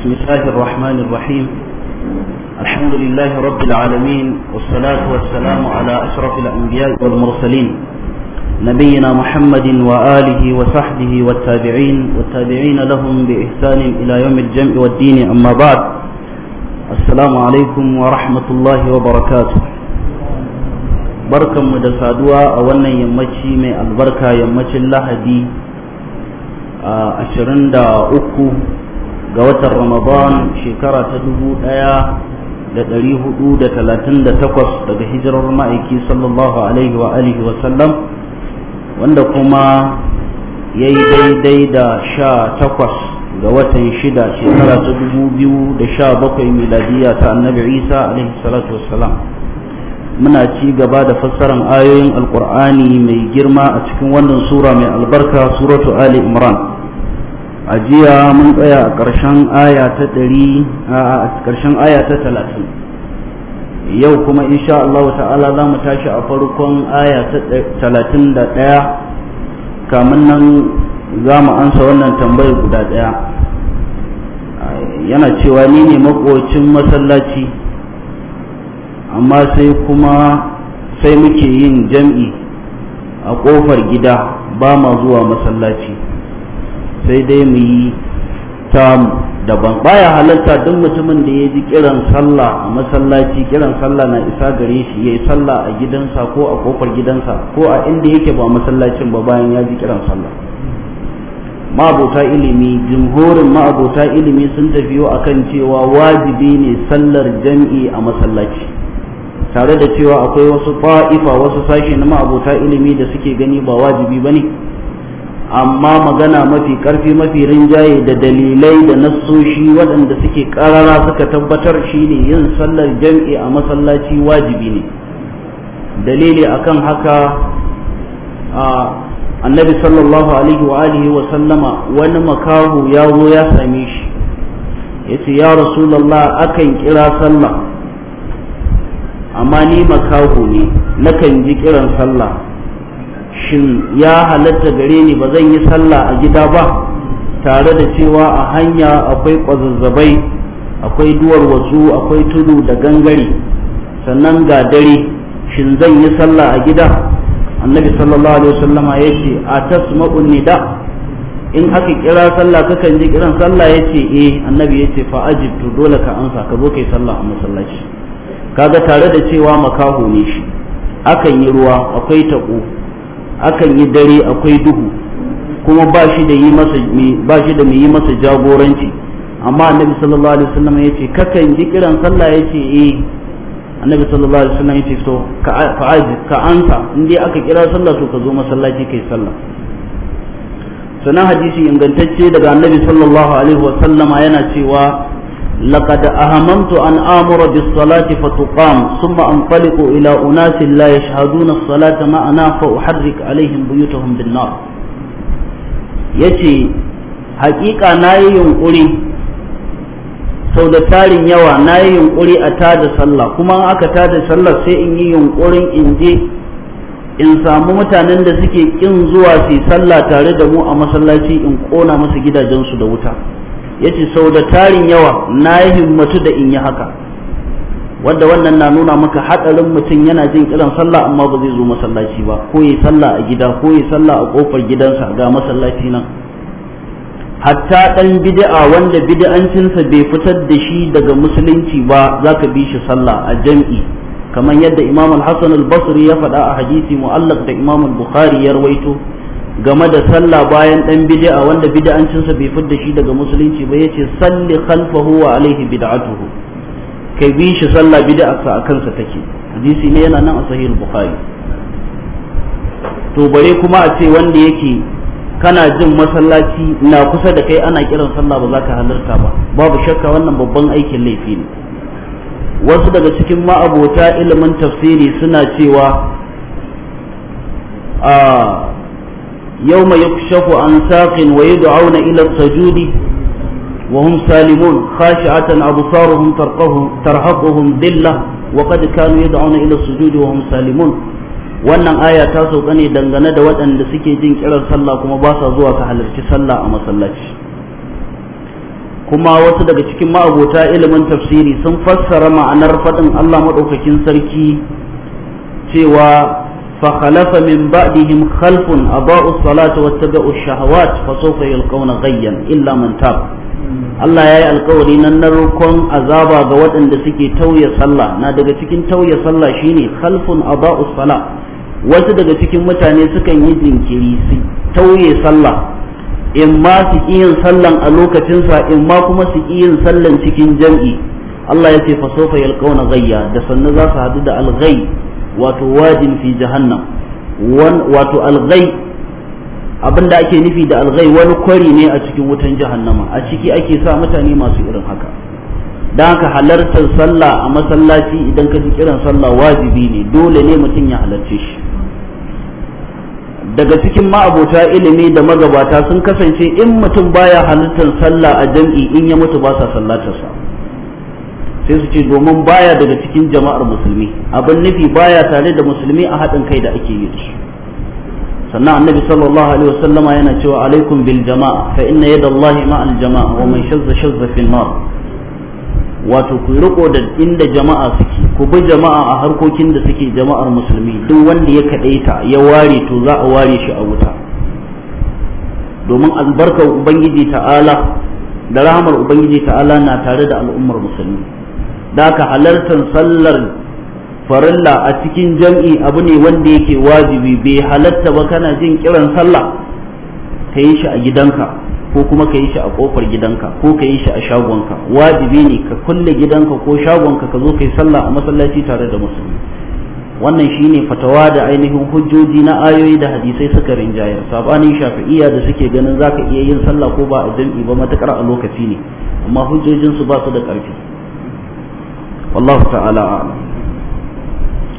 بسم الله الرحمن الرحيم الحمد لله رب العالمين والصلاة والسلام على أشرف الأنبياء والمرسلين نبينا محمد وآله وصحبه والتابعين والتابعين لهم بإحسان إلى يوم الجمع والدين أما بعد السلام عليكم ورحمة الله وبركاته بركة مدسادوة أولا يمشي من البركة يمشي الله دي أشرند آه، أكو ga watan ramadan shekara ta dubu ɗaya da ɗari hudu da talatin da takwas daga hijirar ma'aiki sallallahu alaihi wa alihi wasallam wanda kuma ya yi daidai da sha takwas ga watan shida shekara ta dubu biyu da sha bakwai miladiya ta annabi isa alaihi salatu muna ci gaba da fassarar ayoyin alkur'ani mai girma a cikin wannan sura mai albarka suratu ali imran a jiya mun tsaya a ƙarshen aya ta ɗari a ƙarshen aya ta talatin yau kuma insha Allah ta'ala za mu tashi a farkon aya ta talatin da ɗaya kamun nan za mu ansa wannan tambayar guda ɗaya yana cewa ni ne makocin masallaci amma sai kuma sai muke yin jam'i a ƙofar gida ba ma zuwa masallaci sai dai mu yi tamu daban baya halarta duk mutumin da ya ji kiran sallah a masallaci kiran sallah na isa gare shi ya yi sallah a gidansa ko a kofar gidansa ko a inda yake ba masallacin ba bayan ya ji kiran sallah ma'abota ilimi jumhurin ma'abota ilimi sun tafiyo a kan cewa wajibi ne sallar jam'i a masallaci tare da cewa akwai wasu fa'ifa wasu sashe na ma'abota ilimi da suke gani ba wajibi ba ne amma magana mafi karfi mafi rinjaye da dalilai da nassoshi waɗanda suke ƙarara suka tabbatar shine yin sallar jam'i a masallaci wajibi ne dalili akan haka annabi sallallahu alaihi wa sallama wani makahu ya zo ya same shi ce ya rasulallah akan kira sallah amma ni makahu ne nakan ji kiran sallah shin ya halatta gare ni ba zan yi sallah a gida ba tare da cewa a hanya akwai kwazazzabai akwai duwar wasu akwai tudu da gangare sannan ga dare shin zan yi sallah a gida annabi sallallahu alaihi wasallam ya ce a tasma'un nida in aka kira sallah kakan ji kiran sallah ya ce eh annabi ya ce fa dole ka ansa ka zo kai sallah a masallaci kaga tare da cewa makaho ne shi akan yi ruwa akwai taɓo. akan yi dare akwai duhu kuma ba shi da yi masa ba shi da yi masa jagoranci amma annabi sallallahu alaihi wasallam yace kakan ji kiran sallah yace eh annabi sallallahu alaihi wasallam yace to ka ka ansa in dai aka kira sallah to ka zo masallaci kai sallah sanan hadisi ingantacce daga annabi sallallahu alaihi wasallama yana cewa لقد أهممت أن آمر بالصلاة فتقام ثم أنطلق إلى أناس لا يشهدون الصلاة معنا فأحرك عليهم بيوتهم بالنار يتي حقيقة ناي ينقري sau da tarin yawa na yi yunƙuri a tada sallah kuma in aka tada sallah sai in yi yunƙurin in je in samu mutanen da suke ƙin zuwa su sallah tare da mu a masallaci in ƙona musu gidajensu da wuta yace sau da tarin yawa na yi himmatu da in yi haka wanda wannan na nuna maka hadarin mutum yana jin kiran sallah amma ba zai zo masallaci ba ko yi sallah a gida ko yi sallah a kofar gidansa ga masallaci nan hatta dan bid'a wanda bid'ancinsa bai fitar da shi daga musulunci ba zaka bi shi sallah a jam'i kamar yadda Imam Al-Hasan Al-Basri ya faɗa a hadisi mu'allaq da Imam Al-Bukhari ya rawaito game da sallah bayan dan bid'a wanda bid'ancinsa bai fidda shi daga musulunci ba yace salli khalfahu wa alayhi bid'atuhu kai bi shi sallah bid'a sa akan sa take hadisi ne yana nan a sahih bukhari to bare kuma a ce wanda yake kana jin masallaci na kusa da kai ana kiran sallah ba za ka halarta ba babu shakka wannan babban aikin laifi ne wasu daga cikin ma'abota ilimin tafsiri suna cewa a ah, يوم يكشف عن ساق ويدعون إلى السجود وهم سالمون خاشعة أبصارهم ترهقهم ذلة وقد كانوا يدعون إلى السجود وهم سالمون wannan aya ta sauka ne dangane da waɗanda suke jin kiran sallah kuma ba sa zuwa ka halarci sallah a masallaci kuma wasu daga cikin ma'abota ilimin tafsiri sun fassara ma'anar faɗin Allah maɗaukakin sarki cewa فخلف من بعدهم خلف أضاءوا الصلاة واتبعوا الشهوات فسوف يلقون غيا إلا من تاب Allah ya yi alkawari nan na rukun azaba ga waɗanda suke tauye sallah na daga cikin tauye sallah shine khalfun aba'u sala wasu daga cikin mutane sukan yi jinkiri su tauye sallah in ma su yin sallan a lokacinsa in ma kuma su yin sallan cikin jam'i Allah ya ce fa sofa yalqawna ghayya da sannu za su hadu da alghayy wato wajin fi jahannam wato alghai abinda ake nufi da alghai wani kwari ne a cikin wutan jahannama a ciki ake sa mutane masu irin haka don haka halartar sallah a masallaci idan ka ji kiran sallah wajibi ne dole ne mutum ya halarce shi daga cikin ma'abota ilimi da magabata sun kasance in mutum baya halartar sallah a jam'i in ya mutu ba sa sallatarsa sai su ce domin baya daga cikin jama'ar musulmi abin nufi baya tare da musulmi a haɗin kai da ake yi da shi sannan annabi sallallahu alaihi wasallam yana cewa alaikum bil jama'a fa inna yadallahi ma al jama'a wa man shazza shazza fil nar wato ku riko da inda jama'a suke ku bi jama'a a harkokin da suke jama'ar musulmi duk wanda ya kadaita ya ware to za a ware shi a wuta domin albarkar ubangiji ta'ala da rahamar ubangiji ta'ala na tare da al'ummar musulmi da ka halartar sallar farilla a cikin jam'i abu ne wanda yake wajibi bai halarta ba kana jin kiran sallah ka yi shi a gidanka ko kuma ka yi shi a kofar gidanka ko ka yi shi a shagonka wajibi ne ka kulle gidanka ko shagonka ka zo ka yi sallah a masallaci tare da musulmi wannan shi ne fatawa da ainihin hujjoji na ayoyi da hadisai suka rinjaya sabanin shafi'iya da suke ganin za ka iya yin sallah ko ba a jam'i ba matakar a lokaci ne amma hujjojinsu ba su da ƙarfi والله تعالى أعلم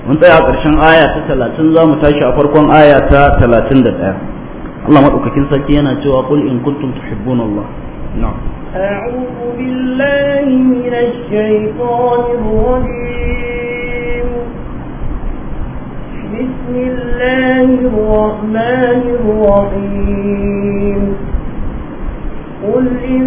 وانتهي على قرشان آيات تلاتين زام تاشي أفركم آيات تلاتين دل آية الله مرحبا كن سكينة وقل إن كنتم تحبون الله نعم أعوذ بالله من الشيطان الرجيم بسم الله الرحمن الرحيم قل إن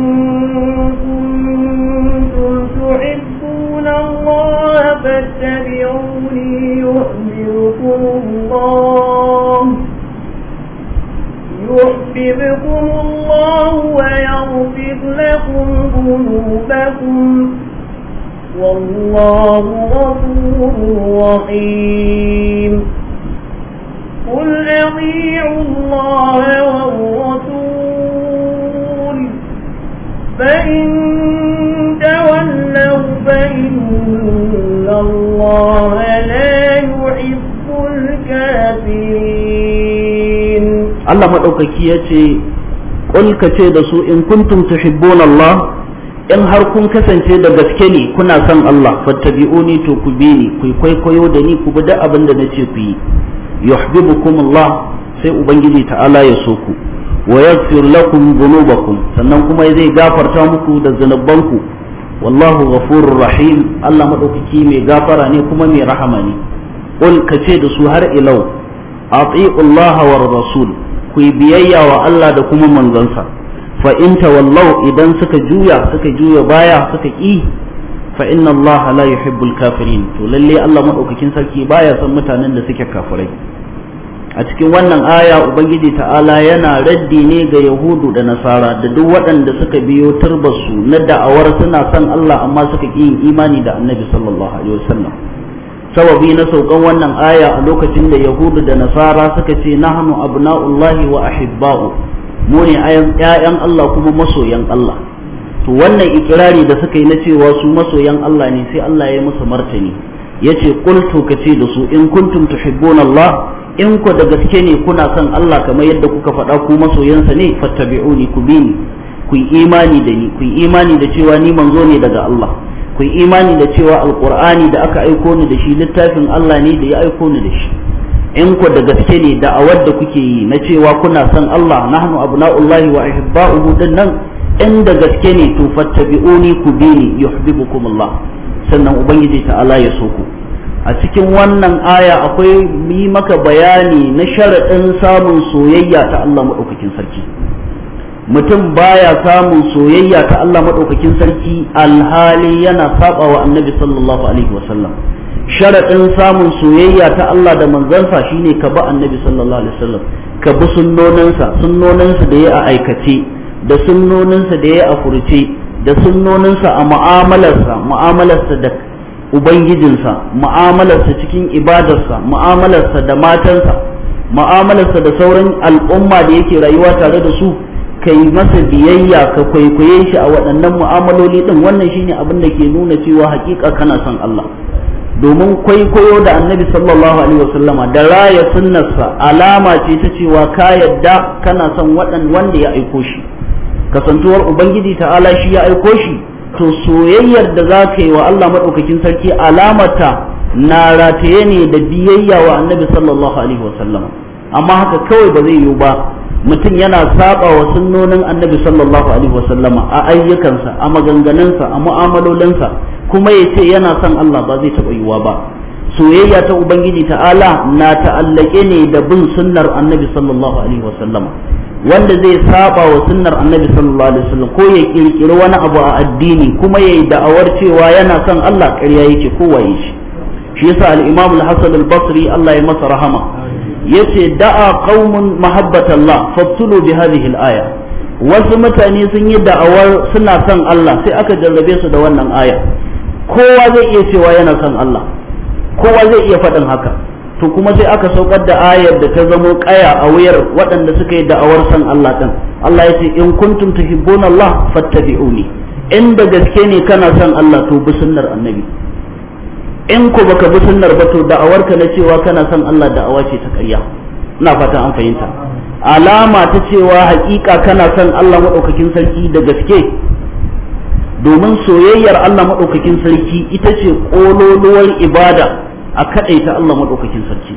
Allah maɗaukaki ya ce ƙul ce da su in kuntum tuhibbun Allah in har kun kasance da gaske ne kuna son Allah fattabi'uni to ku bi ni ku kwaikwayo da ni ku bi duk abin da nace ku yi yuhibbukum Allah sai ubangiji ta'ala ya so ku wa yaghfir lakum dhunubakum sannan kuma zai gafarta muku da ku wallahu ghafurur rahim Allah madaukaki mai gafara ne kuma mai rahama ne qul ce da su har ilau ati'u Allah rasul ku biyayya wa Allah da kuma manzansa fa in tawallau idan suka juya suka juya baya suka ƙi fa inna Allah la yuhibbul kafirin to lalle Allah madaukakin sarki baya son mutanen da suke kafirai a cikin wannan aya ubangiji ta'ala yana raddi ne ga yahudu da nasara da duk waɗanda suka biyo su na da'awar suna son Allah amma suka ƙi imani da annabi sallallahu alaihi wasallam sababi na saukan wannan aya a lokacin da yahudu da nasara suka ce nahnu abna'ullahi wa ahibba'u mu ne ƴaƴan Allah kuma masoyan Allah to wannan ikirari da suka yi na cewa su masoyan Allah ne sai Allah ya musu martani yace qultu kace da su in kuntum tuhibbuna Allah in ku da gaske ne kuna son Allah kamar yadda kuka faɗa ku masoyansa ne fattabi'uni ku bi ni imani da ni ku imani da cewa ni manzo ne daga Allah ku yi imani da cewa alqur'ani da aka aiko ni da shi littafin Allah ne da ya aiko ni da shi in ku da gaske ne da awar da kuke yi na cewa kuna son Allah nahnu abna'ullahi wa ahibba'uhu dinnan in da gaske ne to fattabi'uni ku bi ni yuhibbukum Allah sannan ubangiji ta'ala ya so ku a cikin wannan aya akwai yi maka bayani na sharaɗin samun soyayya ta Allah madaukakin sarki mutum baya samun soyayya ta Allah madaukakin sarki alhali yana saba wa annabi sallallahu alaihi wasallam sharadin samun soyayya ta Allah da manzansa shine ka bi annabi sallallahu alaihi wasallam ka bi sunnoninsa sunnoninsa da ya a aikace da sunnoninsa da ya a furce da sunnoninsa a mu'amalarsa mu'amalarsa da ubangijinsa mu'amalarsa cikin ibadarsa mu'amalarsa da matansa mu'amalarsa da sauran al'umma da yake rayuwa tare da su kai masa biyayya ka kwaikwaye shi a waɗannan mu'amaloli ɗin wannan shine abin da ke nuna cewa hakika kana son Allah domin kwaikwayo da annabi sallallahu alaihi wasallama da raya sunnarsa alama ce ta cewa ka yadda kana son waɗan wanda ya aiko shi kasantuwar ubangiji ta'ala shi ya aiko shi to soyayyar da za ka yi wa Allah maɗaukakin sarki alamata na rataye ne da biyayya wa annabi sallallahu alaihi wasallama amma haka kawai ba zai yiwu ba mutum yana saba wa sunnonin annabi sallallahu alaihi wasallama a ayyukansa a maganganunsa a mu'amalolinsa kuma ya ce yana son Allah ba zai taɓa yiwuwa ba soyayya ta ubangiji ta'ala na ta'allake ne da bin sunnar annabi sallallahu alaihi wasallama wanda zai saba wa sunnar annabi sallallahu alaihi wasallam ko ya kirkiri wani abu a addini kuma ya yi da'awar cewa yana son Allah ƙarya yake ko waye shi shi yasa al-Imam al-Hasan al-Basri Allah ya masa rahama yace da'a qaumun mahabbatallah fabtulu bi hadhihi al-aya wasu mutane sun yi da'awar suna son Allah sai aka jarrabe su da wannan aya kowa zai iya cewa yana son Allah kowa zai iya faɗin haka to kuma sai aka saukar da ayar da ta zamo kaya a wuyar waɗanda suka yi da'awar son Allah din Allah yace in kuntum tuhibbuna Allah fattabi'uni in da gaske ne kana son Allah to bi sunnar annabi in ko baka bi sunnar ba to da'awarka na cewa kana son Allah da'awa ce ta ƙarya ina fatan an fahimta alama ta cewa haƙiƙa kana son Allah maɗaukakin sarki da gaske domin soyayyar Allah maɗaukakin sarki ita ce ƙololuwar ibada a kaɗaita Allah maɗaukakin sarki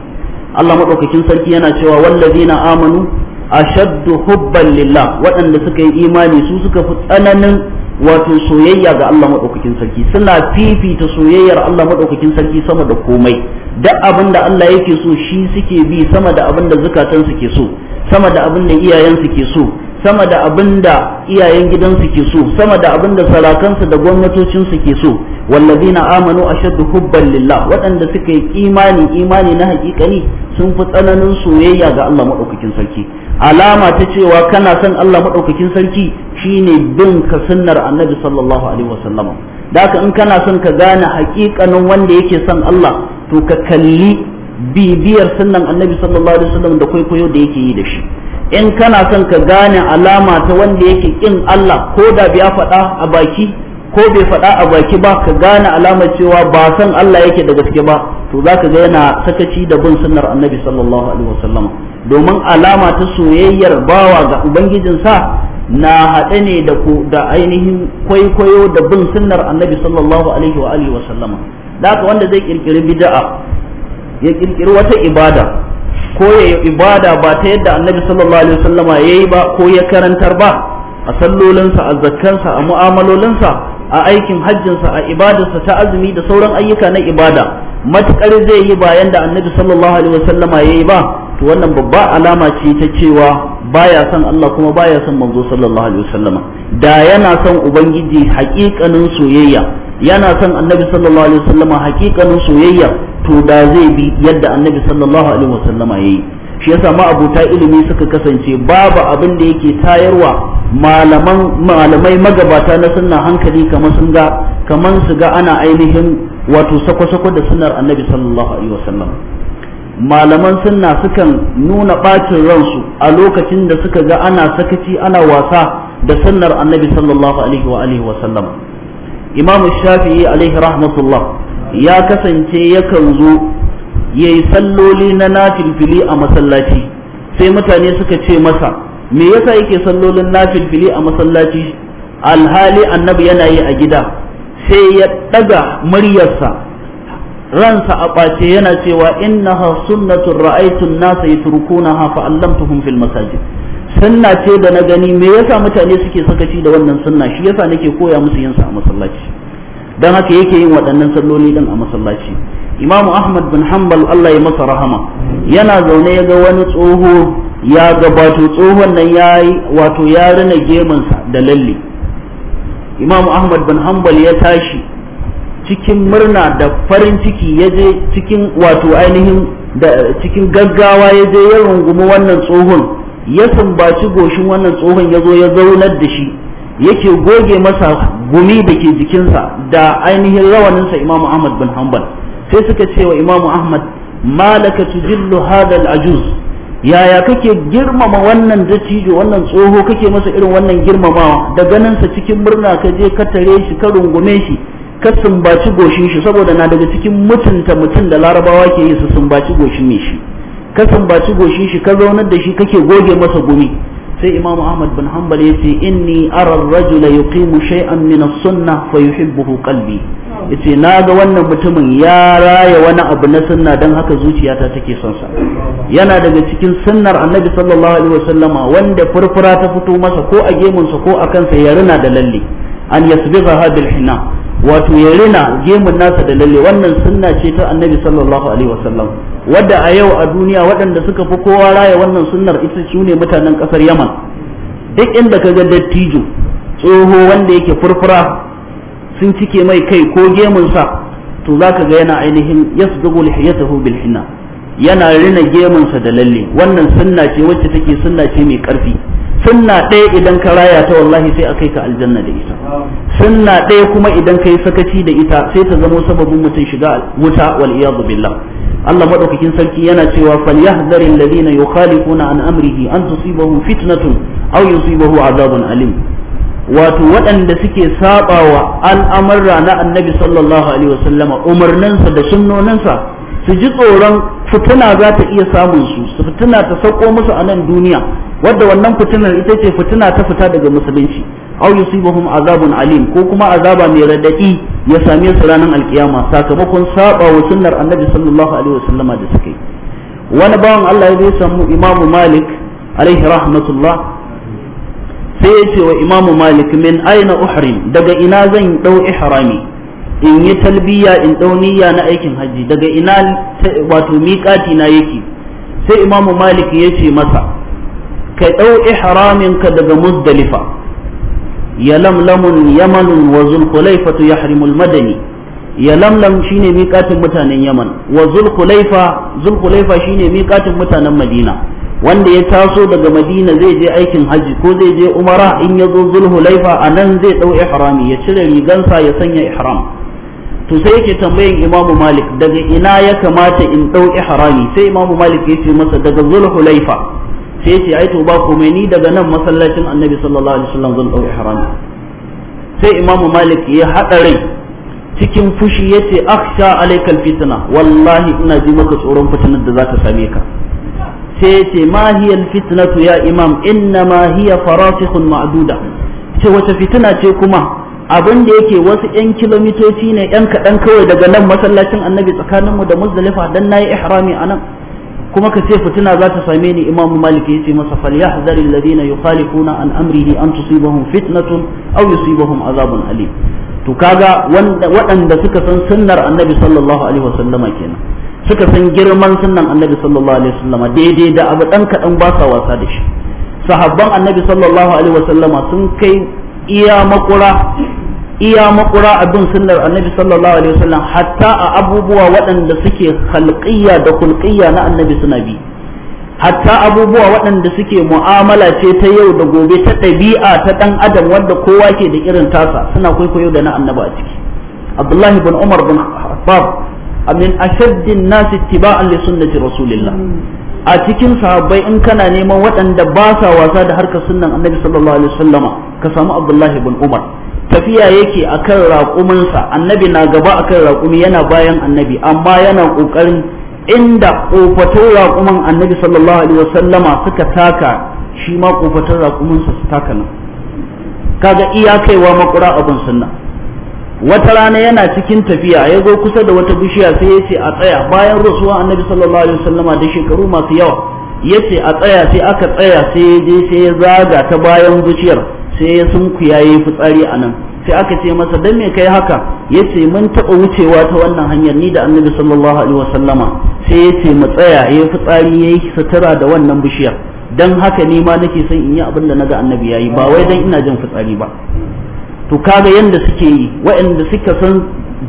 Allah maɗaukakin sarki yana cewa wallazina amanu ashaddu hubban lillah waɗanda suka yi imani su suka fi tsananin wato soyayya ga Allah maɗaukakin sarki suna fifita soyayyar Allah maɗaukakin sarki sama da komai duk abin da Allah yake so shi suke bi sama da abin da zukatansu ke so sama da abin da iyayensu ke so sama da abin da iyayen gidansu ke so sama da abin da sarakansu da gwamnatocinsu ke so wallazina amanu ashaddu hubban lillah waɗanda suka yi imani imani na hakikani sun fi tsananin soyayya ga Allah madaukakin sarki alama ta cewa kana son Allah madaukakin sarki shine bin ka sunnar annabi sallallahu alaihi wasallam da haka in kana son ka gane hakikanin wanda yake son Allah to ka kalli bibiyar sunnan annabi sallallahu alaihi wasallam da kwaikwayo da yake yi da shi in kana son ka gane alama ta wanda yake kin Allah ko da bai faɗa a baki ko bai faɗa a baki ba ka gane alamar cewa ba san Allah yake da gaske ba to zaka ga yana sakaci da bin sunnar Annabi sallallahu alaihi wasallam domin alama ta soyayyar bawa ga ubangijinsa na haɗe ne da da ainihin kwaikwayo da bin sunnar annabi sallallahu alaihi wa alihi da wanda zai kirkiri bid'a ya kirkiri wata ibada ko ya ibada ba ta yadda annabi sallallahu alaihi wasallama yayi ba ko ya karantar ba a sallolinsa a zakkansa a mu'amalolinsa a aikin hajjinsa a ibadarsa ta azumi da sauran ayyuka na ibada matukar zai yi bayan da annabi sallallahu alaihi wasallama yayi ba to wannan babba alama ce ta cewa baya son Allah kuma baya son manzo sallallahu alaihi wasallama da yana son ubangiji haƙiƙanin soyayya yana son annabi sallallahu alaihi wasallama haƙiƙanin soyayya to da zai bi yadda annabi sallallahu alaihi wasallama yi shi yasa ma abuta ilimi suka kasance babu abin da yake tayarwa malaman malamai magabata na sunna hankali kamar sun ga kamar su ga ana ainihin wato sako-sako da sunnar annabi sallallahu alaihi wasallam malaman sunna sukan nuna bacin ransu a lokacin da suka ga ana sakaci ana wasa da sunnar annabi sallallahu alaihi wa alihi wasallam imam shafi'i alaihi rahmatullah ya kasance yakan zo ya yi salloli na nafilfili a masallaci sai mutane suka ce masa me yasa yake sallolin nafilfili a masallaci alhali annabi yana yi a gida sai ya ɗaga muryarsa ransa a ɓace yana cewa innaha sunnatun ra'aitun nasa ha fa allamtuhum fil masajid sunna ce da na gani me yasa mutane suke sakaci da wannan sunna shi yasa nake koya musu yin sa a masallaci dan haka yake yin waɗannan salloli din a masallaci imam ahmad bin hanbal Allah ya masa rahama yana zaune ya ga wani tsoho ya gabato tsohon nan ya yi wato ya rina gemansa da lalle imam ahmad bin hanbal ya tashi cikin murna da farin ciki ya je cikin wato ainihin da cikin gaggawa ya je ya rungumi wannan tsohon ya sumbaci goshin wannan tsohon ya zo ya zaunar da shi yake goge masa gumi da ke jikinsa da ainihin rawaninsa imam ahmad bin hanbal sai suka ce wa imam ahmad malaka tujillu hadal ajuz yaya kake girmama wannan dattijo wannan tsoho kake masa irin wannan girmamawa da ganinsa cikin murna ka je ka tare shi ka rungume shi ka sumbaci goshin shi saboda na daga cikin mutunta mutum da larabawa ke yi su sumbaci goshin ne shi ka sumbaci goshin shi ka zaunar da shi kake goge masa gumi sai imamu ahmad bin hanbal ya ce inni ara rajula yuqimu shay'an min as-sunnah fa yuhibbuhu qalbi yace na ga wannan mutumin ya raya wani abu na sunna dan haka zuciyata take son sa yana daga cikin sunnar annabi sallallahu alaihi wasallama wanda furfura ta fito masa ko a gemunsa ko a kansa ya rina da lalle an yasbigha bil hina wato ya rina gemun nasa da lalle wannan sunna ce ta annabi sallallahu alaihi wasallam wadda a yau a duniya waɗanda suka fi kowa raya wannan sunnar ita su ne mutanen ƙasar yaman duk inda ka ga dattijo tsoho wanda yake furfura sun cike mai kai ko gemunsa to za ka ga yana ainihin yasdugu lihiyatahu bil hina yana rina gemunsa da lalle wannan sunna ce wacce take sunna ce mai ƙarfi sunna ɗaya idan ka raya ta wallahi sai a kai ka aljanna da ita sunna ɗaya kuma idan ka yi sakaci da ita sai ta zamo sababin mutum shiga wuta wal iyadu billah Allah madaukakin sarki yana cewa falyahzaril ladina yukhalifuna an amrihi an tusibahum fitnatun aw yusibahu azabun alim wato waɗanda suke sabawa al'amarra na annabi sallallahu alaihi wasallama umarninsa da sunnoninsa su ji tsoron fituna za ta iya samun su su fituna ta sauko musu a nan duniya wadda wannan fitinar ita ce fituna ta fita daga musulunci aw yusibahum azabun alim ko kuma azaba mai radadi ya same su ranar alkiyama sakamakon saba wa sunnar annabi sallallahu alaihi wasallama da suka wani bawan Allah ya zai samu imamu malik alaihi rahmatullah sai ya ce wa imamu malik min aina uhrim daga ina zan dau ihrami in yi talbiya in dau niyya na aikin haji daga ina wato miƙati na yake sai imamu malik ya ce masa ka dau ihramin ka daga muzdalifa يلملم يمن وذو madani يحرم المدني يلملم شيني ميقات متان يمن وذو الخليفة ذو الخليفة شيني ميقات متان مدينة wanda ya taso daga madina zai je aikin hajji ko zai je umara in ya zo zulhulaifa a nan zai ɗau ihrami ya cire rigansa ya sanya ihram to sai yake tambayin imamu malik daga ina ya kamata in ɗau ihrami sai imamu malik ya ce masa daga zulhulaifa sai yace ai to ba komai ni daga nan masallacin annabi sallallahu alaihi wasallam zan dau ihram sai imamu malik ya hada rai cikin fushi yace akhsha alaikal fitna wallahi ina ji maka tsoron fitinar da za ta same ka sai yace ma hiya fitnatu ya imam inna ma hiya farasikhun ma'duda ce wata fitina ce kuma abin da yake wasu 'yan kilomitoci ne 'yan kaɗan kawai daga nan masallacin annabi tsakaninmu da muzdalifa dan na yi ihrami a nan kuma ka ce fitina za ta same ni imam malik ce masa falyahzar alladhina yukhalifuna an amrihi an tusibahum fitnatun aw yusibahum azabun alim to kaga waɗanda suka san sunnar annabi sallallahu alaihi kenan suka san girman sunnan annabi sallallahu alaihi wasallama daidai da abu dan kadan ba sa wasa da shi sahabban annabi sallallahu alaihi sun kai iya makura iya makura a bin sunnar annabi sallallahu alaihi wasallam hatta a abubuwa waɗanda suke halqiyya da kulƙiyya na annabi suna bi hatta abubuwa waɗanda suke mu'amala ce ta yau da gobe ta ɗabi'a ta ɗan adam wanda kowa ke da irin tasa suna kwaikwayo da na annabi a ciki abdullahi bin umar bin khattab amin ashaddin nas ittiba'an li sunnati rasulillah a cikin sahabbai in kana neman waɗanda ba sa wasa da harkar sunnan annabi sallallahu alaihi wasallama ka samu abdullahi bin umar tafiya yake akan raƙuminsa annabi na gaba akan raƙumi yana bayan annabi amma yana ƙoƙarin inda ƙofatun raƙuman annabi sallallahu alaihi wasallama suka taka shi ma ƙofatun raƙuminsa su taka nan kaga iya kaiwa makura abin sunna wata rana yana cikin tafiya ya zo kusa da wata bishiya sai ya ce a tsaya bayan rasuwa annabi sallallahu alaihi wasallama da shekaru masu yawa ya ce a tsaya sai aka tsaya sai ya je sai ya zaga ta bayan bishiyar sai ya sunku yayi fitsari a nan sai aka ce masa dan me kai haka yace mun taɓa wucewa ta wannan hanyar ni da annabi sallallahu alaihi wasallama sai yace mu tsaya yayi fitsari yayi sutura da wannan bishiyar dan haka ni ma nake son in yi abin da naga annabi yayi ba wai dan ina jin fitsari ba to kaga yanda suke yi waɗanda suka san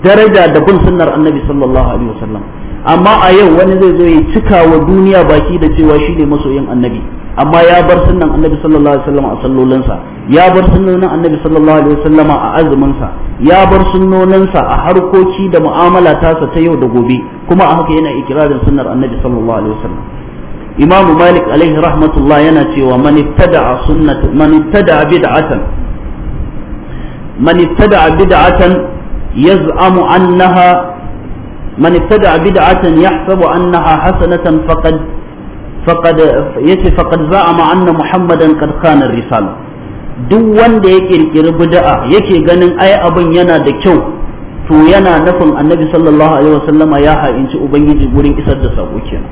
daraja da bin sunnar annabi sallallahu alaihi wasallam amma a yau wani zai zo ya cika wa duniya baki da cewa shi ne masoyin annabi amma ya bar sunnan annabi sallallahu alaihi wasallam a sallolinsa ya bar sunnonin annabi sallallahu alaihi wasallama a azuminsa ya bar sunnoninsa a harkoki da mu'amala tasa ta yau da gobe kuma a haka yana ikirarin sunnar annabi sallallahu alaihi wasallam imam malik alaihi rahmatullah yana cewa man ittada'a sunnatan man ittada'a bid'atan man ittada'a bid'atan yaz'amu annaha man ittada'a bid'atan yahsabu annaha hasanatan faqad faqad yace faqad za'ama anna muhammadan qad khana risala duk wanda ya kirkiri bid'a yake ganin ai abin yana da kyau to yana nufin annabi sallallahu alaihi wasallama ya ha'inci ubangiji gurin isar da sako kenan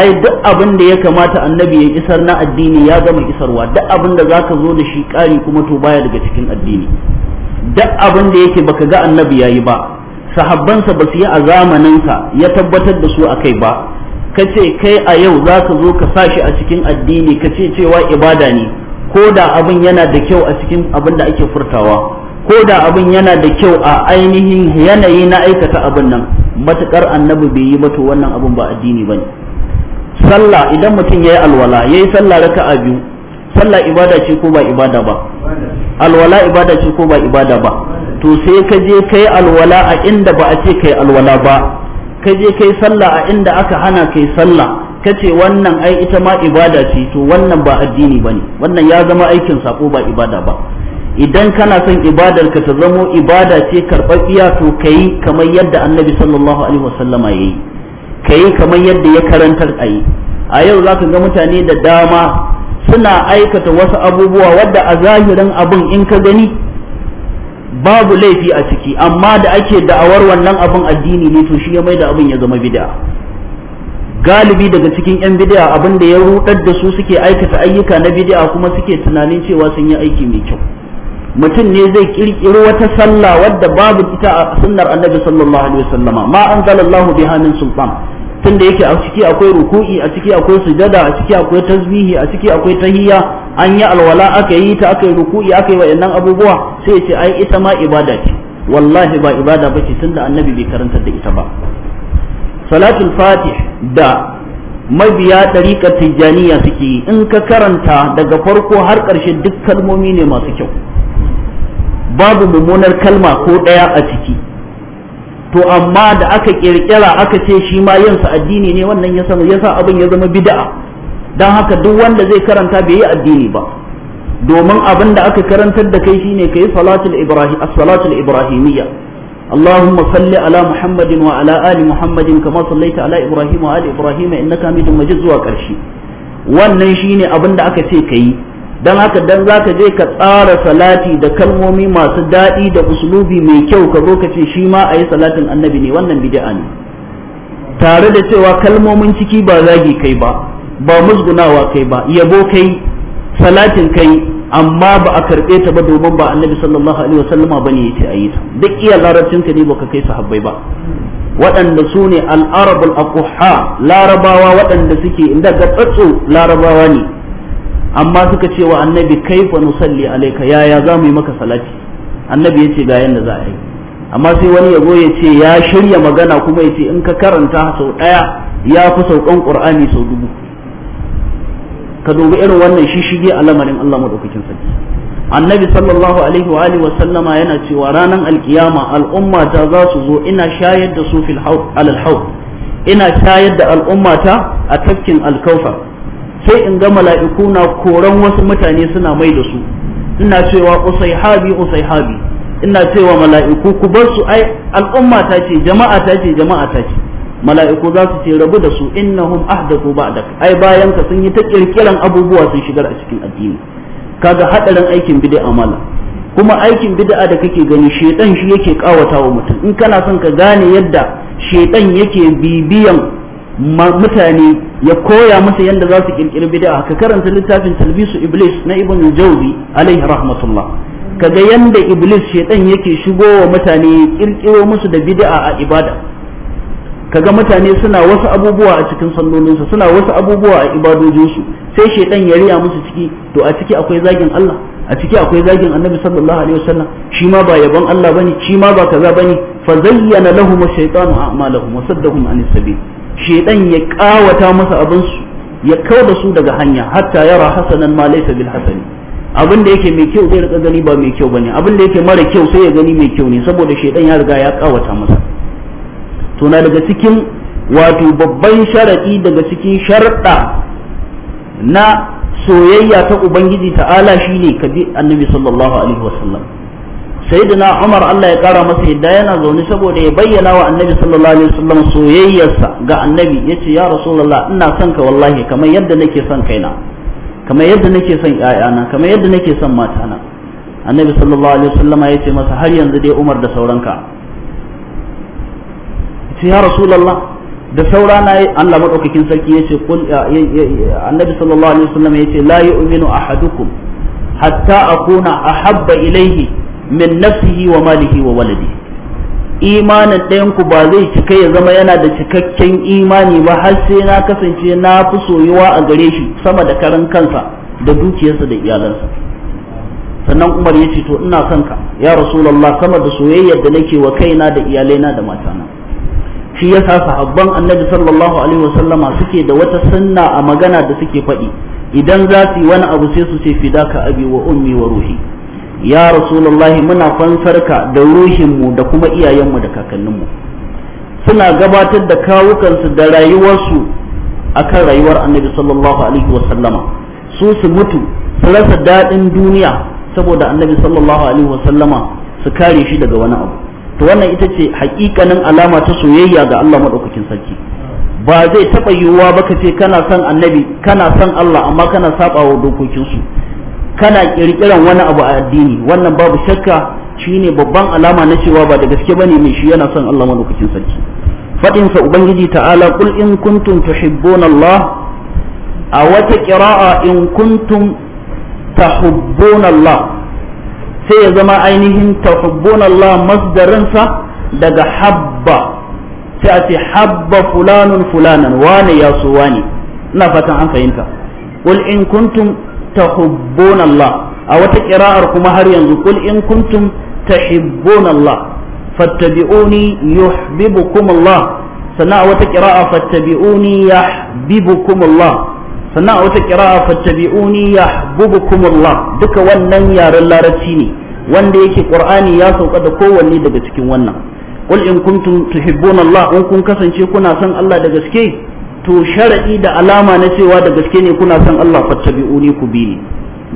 ai duk abin da ya kamata annabi ya isar na addini ya gama isarwa duk abin da zaka zo da shi kari kuma to baya daga cikin addini duk abin da yake baka ga annabi yayi ba sahabbansa ba su yi a zamaninsa ya tabbatar da su akai ba ka ce kai a yau za ka zo ka sa shi a cikin addini ka ce cewa ibada ne ko da abin yana da kyau a cikin abin da ake furtawa ko da abin yana da kyau a ainihin yanayi na aikata abin nan matukar annabi bai yi mato wannan abin ba addini ba ne sallah idan mutum ya yi alwala ya yi sallah raka a biyu sallah ibada ce ko ba ibada ba alwala ibada ce ko ba ibada ba to sai ka je ka yi alwala a inda ba a ce ka yi alwala ba ka je kai sallah a inda aka hana kai sallah ka ce wannan ai ita ma ibada ce to wannan ba addini bane wannan ya zama aikin sako ba ibada ba idan kana son ibadar ka ta zamo ibada ce karɓaɓɓiya to kayi kamar yadda annabi sallallahu alaihi wasallama yayi kayi kamar yadda ya karantar a yi a yau za ka ga mutane da dama suna aikata wasu abubuwa wadda a zahirin abin in ka gani babu laifi a ciki amma da ake da'awar wannan abin addini ne to shi ya maida abin ya zama bid'a galibi daga cikin 'yan bid'a abin da ya rudar da su suke aikata ayyuka na bid'a kuma suke tunanin cewa sun yi aiki mai kyau mutum ne zai kirkiro wata sallah wadda babu ita a sunnar annabi sallallahu alaihi wasallama ma anzalallahu biha min sultan tunda yake a ciki akwai ruku'i a ciki akwai sujada a ciki akwai tasbihi a ciki akwai tahiyya an yi alwala aka yi ta aka yi ruku'i aka yi wa'annan abubuwa sai ya ce ai ita ma ibada ce wallahi ba ibada bace tunda annabi bai karanta da ita ba salatul fatih da mabiya ɗariƙar tijjaniya suke in ka karanta daga farko har karshe duk kalmomi ne masu kyau babu mummunar kalma ko ɗaya a ciki to amma da aka kirkira aka ce shi ma yin sa addini ne wannan ya samu yasa abin ya zama bid'a dan haka duk wanda zai karanta bai yi addini ba domin abin da aka karantar da kai shine kai salatul ibrahim as-salatul ibrahimiyya اللهم صل على محمد وعلى آل محمد كما صليت على إبراهيم وآل إبراهيم إنك حميد مجيد zuwa karshe wannan shine abin da aka ce kai don haka dan za ka je ka tsara salati da kalmomi masu daɗi da uslubi mai kyau ka zo ka ce shi ma a yi salatin annabi ne wannan bid'a ne tare da cewa kalmomin ciki ba zagi kai ba ba musgunawa kai ba yabo kai salatin kai amma ba a karɓe ta ba domin ba annabi sallallahu alaihi wasallama bane yace a ta duk iya larabcin ka ne baka kai sahabbai ba waɗanda su ne al'arabul aquha larabawa waɗanda suke inda ga tsatso larabawa ne amma suka ce wa annabi kaifa nusalli alaika yaya za mu yi maka salati annabi ya ce ga yanda za a yi amma sai wani ya ya ce ya shirya magana kuma ya ce in ka karanta sau ɗaya ya fi saukan ƙur'ani sau dubu ka dubi irin wannan shi shige a lamarin Allah madaukakin sarki annabi sallallahu alaihi wa alihi wa sallama yana cewa ranar alkiyama al'umma ta za su zo ina shayar da su fil alal ina shayar da al'ummata a tafkin alkaufar sai in ga mala'iku na koran wasu mutane suna mai da su ina cewa usaihabi usaihabi ina cewa mala'iku ku bar su ai al'umma ta ce jama'a ta ce jama'a ta ce mala'iku za su ce rabu da su innahum ahdathu ba'dak ai bayan ka sun yi ta kirkiran abubuwa sun shigar a cikin addini kaga hadarin aikin bid'a mala kuma aikin bid'a da kake gani shedan shi yake kawata wa mutum in kana son ka gane yadda shedan yake bibiyan mutane ya koya musu yadda za su kirkiri bid'a ka karanta littafin talbisu iblis na ibn jawzi alaihi rahmatullah kaga yadda iblis shedan yake wa mutane ya kirkiro musu da bid'a a ibada kaga mutane suna wasu abubuwa a cikin sallolinsu suna wasu abubuwa a ibadojinsu sai shaiɗan ya riya musu ciki to a ciki akwai zagin Allah a ciki akwai zagin annabi sallallahu alaihi wasallam shi ma ba yabon Allah bane shi ma ba kaza bane fa zayyana lahum shaytanu a'malahum wa saddahum anis sabil shedan ya kawata masa abin su ya kau su daga hanya hatta yara hasanan ma laisa bil hasani abin da yake mai kyau zai rika gani ba mai kyau bane abin da yake mara kyau sai ya gani mai kyau ne saboda shedan ya riga ya kawata masa to na daga cikin wato babban sharadi daga cikin sharda na soyayya ta ubangiji ta'ala shine kabi annabi sallallahu alaihi wasallam sayyidina Umar Allah ya kara masa yadda yana zaune saboda ya bayyana wa annabi sallallahu alaihi wasallam soyayyarsa ga annabi ce ya rasulullah ina son ka wallahi kamar yadda nake son kaina kamar yadda nake son ƴaƴana kamar yadda nake son matana annabi sallallahu alaihi wasallam ya ce masa har yanzu dai Umar da sauranka ce ya rasulullah da saura na Allah madaukakin sarki yace kul annabi sallallahu alaihi wasallam ce la yu'minu ahadukum hatta akuna ahabba ilayhi min nafsihi wa malihi wa waladi imanin ku ba zai cika ya zama yana da cikakken imani ba har sai na kasance na fi soyuwa a gare shi sama da karan kansa da dukiyarsa da iyalansa sannan umar ya ce to ina son ka ya rasulullah sama da soyayyar da nake wa kaina da iyalaina da matana shi ya yasa sahabban annabi sallallahu alaihi wasallama suke da wata sunna a magana da suke faɗi idan za su yi wani abu sai su ce fidaka abi wa ummi wa ruhi ya rasulullahi muna fansarka da ruhinmu da kuma iyayenmu da kakanninmu suna gabatar da kawukansu da rayuwarsu akan rayuwar annabi sallallahu alaihi wasallama su su mutu su rasa daɗin duniya saboda annabi sallallahu alaihi wasallama su kare shi daga wani abu to wannan ita ce hakikanin alama ta soyayya ga Allah maɗaukakin sarki ba zai taɓa yiwuwa ba ka ce kana son annabi kana son Allah amma kana saɓa wa dokokinsu kana kirkiran wani abu a addini wannan babu shakka shine babban alama na cewa ba da gaske bane mai shi yana son Allah madaukakin sarki fadin sa ubangiji ta'ala qul in kuntum tuhibbuna Allah a wata qira'a in kuntum tuhibbuna Allah sai ya zama ainihin tuhibbuna Allah masdarin sa daga habba sai a ce habba fulanun fulanan wane ya so wane ina fatan an fahimta qul in kuntum tuhibbuna Allah a wata qira'ar kuma har yanzu kul in kuntum tuhibbuna Allah fattabi'uni yuhibbukum Allah sannan a wata qira'a fattabi'uni yahibbukum Allah sannan a wata qira'a fattabi'uni yahibbukum Allah duka wannan yaren larabci ne wanda yake ƙur'ani ya sauƙa da kowanne daga cikin wannan qul in in kun kasance kuna son Allah da gaske to sharaɗi da alama na cewa da gaske ne kuna son Allah fattabi'uni ku bi ni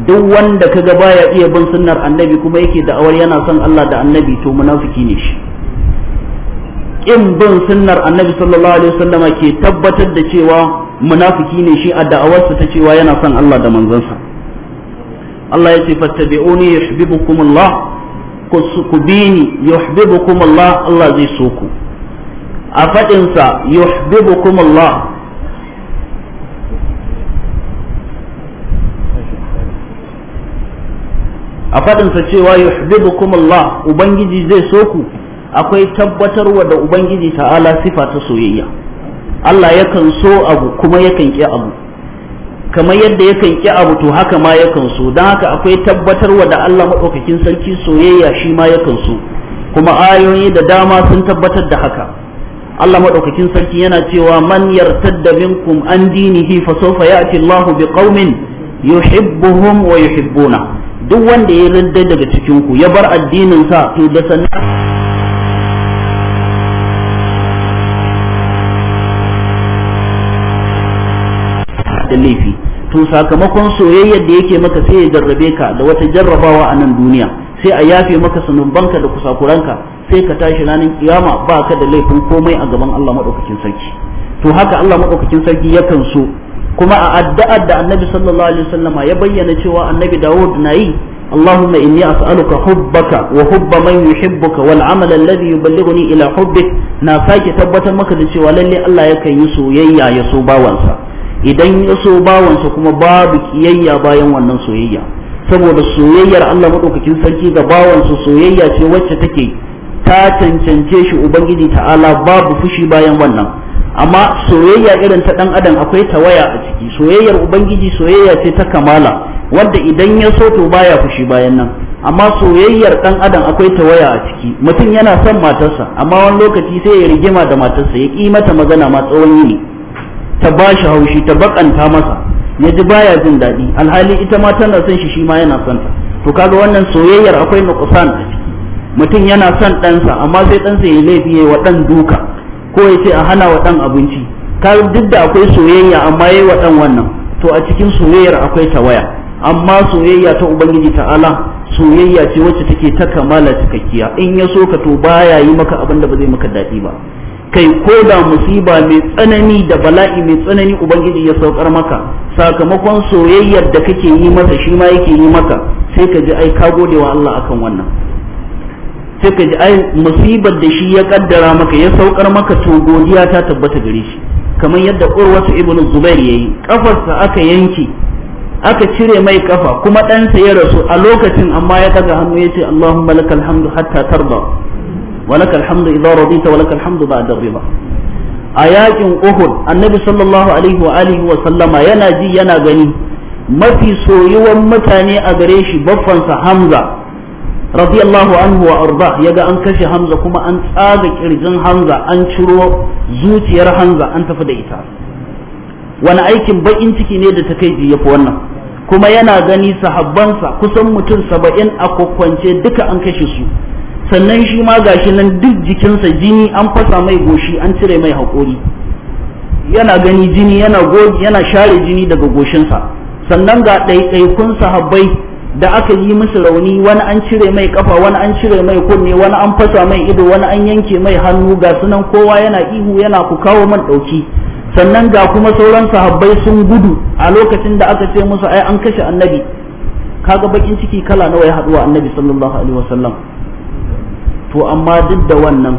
duk wanda kaga baya iya bin sunnar annabi kuma yake da'awar yana son Allah da annabi to munafiki ne shi in bin sunnar annabi sallallahu alaihi wasallama ke tabbatar da cewa munafiki ne shi a da'awarsa ta cewa yana son Allah da manzansa Allah ya ce fattabi'uni yuhibbukumullah ku bi ni yuhibbukumullah Allah zai so ku a faɗinsa yuhibbukumullah a faɗinsa cewa yuhibbukum Allah ubangiji zai so ku akwai tabbatarwa da ubangiji ta'ala sifa ta soyayya Allah yakan so abu kuma yakan ƙi abu kamar yadda yakan ki abu to haka ma yakan so don haka akwai tabbatarwa da Allah maɗaukakin sarki soyayya shi ma yakan so kuma ayoyi da dama sun tabbatar da haka Allah maɗaukakin sarki yana cewa man yartadda minkum an dinihi fa sawfa ya'ti Allahu bi qaumin yuhibbuhum wa yuhibbuna duk wanda ya ridda daga cikin ku ya bar addinin sa to da da laifi to sakamakon soyayyar da yake maka sai ya jarrabe ka da wata jarrabawa a nan duniya sai a yafe maka sunubanka da kusakuranka sai ka tashi ranar kiyama ba ka da laifin komai a gaban Allah madaukakin sarki to haka Allah madaukakin sarki yakan so kuma a addu'ar da annabi sallallahu alaihi wasallam ya bayyana cewa annabi Dawud na yi allahuma inni as'alu ka hubbaka wa اللهم إني أسألك حبك وحب من يحبك والعمل ila يبلغني na sake tabbatar maka da cewa lalle Allah yakan yi soyayya ya so bawansa idan ya so bawansa kuma babu kiyayya bayan wannan soyayya saboda soyayyar Allah madaukakin sarki ga bawansa soyayya ce wacce take ta cancance shi ubangiji ta'ala babu fushi bayan wannan amma soyayya irin ta dan adam akwai tawaya a ciki soyayyar ubangiji soyayya ce ta kamala wanda idan ya so to baya fushi bayan nan amma soyayyar dan adam akwai tawaya a ciki mutum yana son matarsa amma wani lokaci sai ya rigima da matarsa ya ki mata magana ma tsawon yini ta ba shi haushi ta bakanta masa ya ji baya jin daɗi alhali ita ma tana son shi shi ma yana son ta to kaga wannan soyayyar akwai nuqsan a ciki mutum yana son ɗansa amma sai ɗansa ya laifi ya wa ɗan duka ko ya ce a hana wa ɗan abinci ka duk da akwai soyayya amma yi wa ɗan wannan to a cikin soyayyar akwai ta waya amma soyayya ta ubangiji ta'ala soyayya ce wacce take ta kamala cikakkiya in ya so ka to baya yi maka abin da ba zai maka daɗi ba kai ko da musiba mai tsanani da bala'i mai tsanani ubangiji ya saukar maka sakamakon soyayyar da kake yi masa shi ma yake yi maka sai ka ji ai ka gode wa Allah akan wannan sai ka ji ai musibar da shi ya kaddara maka ya saukar maka to godiya ta tabbata gare shi kamar yadda urwatu ibn zubair yayi kafarsa aka yanke aka cire mai kafa kuma ɗansa ya rasu a lokacin amma ya daga hannu ya ce Allahumma lakal hatta tarda wa radita wa ba'da a yakin Uhud annabi sallallahu alaihi wa alihi wa sallama yana ji yana gani mafi soyuwan mutane a gare shi baffansa Hamza radiyallahu anhu wa arda yaga an kashe hamza kuma an tsaga kirjin hamza an ciro zuciyar hamza an tafi da ita wani aikin bakin ciki ne da ta takeici yafi wannan kuma yana gani sahabbansa kusan mutum saba'in a kwakwance duka an kashe su sannan shi ma gashi nan duk jikinsa jini an fasa mai goshi an cire mai haƙori yana gani jini yana share jini daga goshinsa sannan ga ɗaiɗaikun sahabbai da aka yi musu rauni wani an cire mai kafa wani an cire mai kunne wani an fasa mai ido wani an yanke mai hannu ga sunan kowa yana ihu yana ku kawo man ɗauki sannan ga kuma sauran sahabbai sun gudu a lokacin da aka ce musu ai an kashe annabi kaga bakin ciki kala nawa ya haduwa annabi sallallahu alaihi wasallam to amma duk da wannan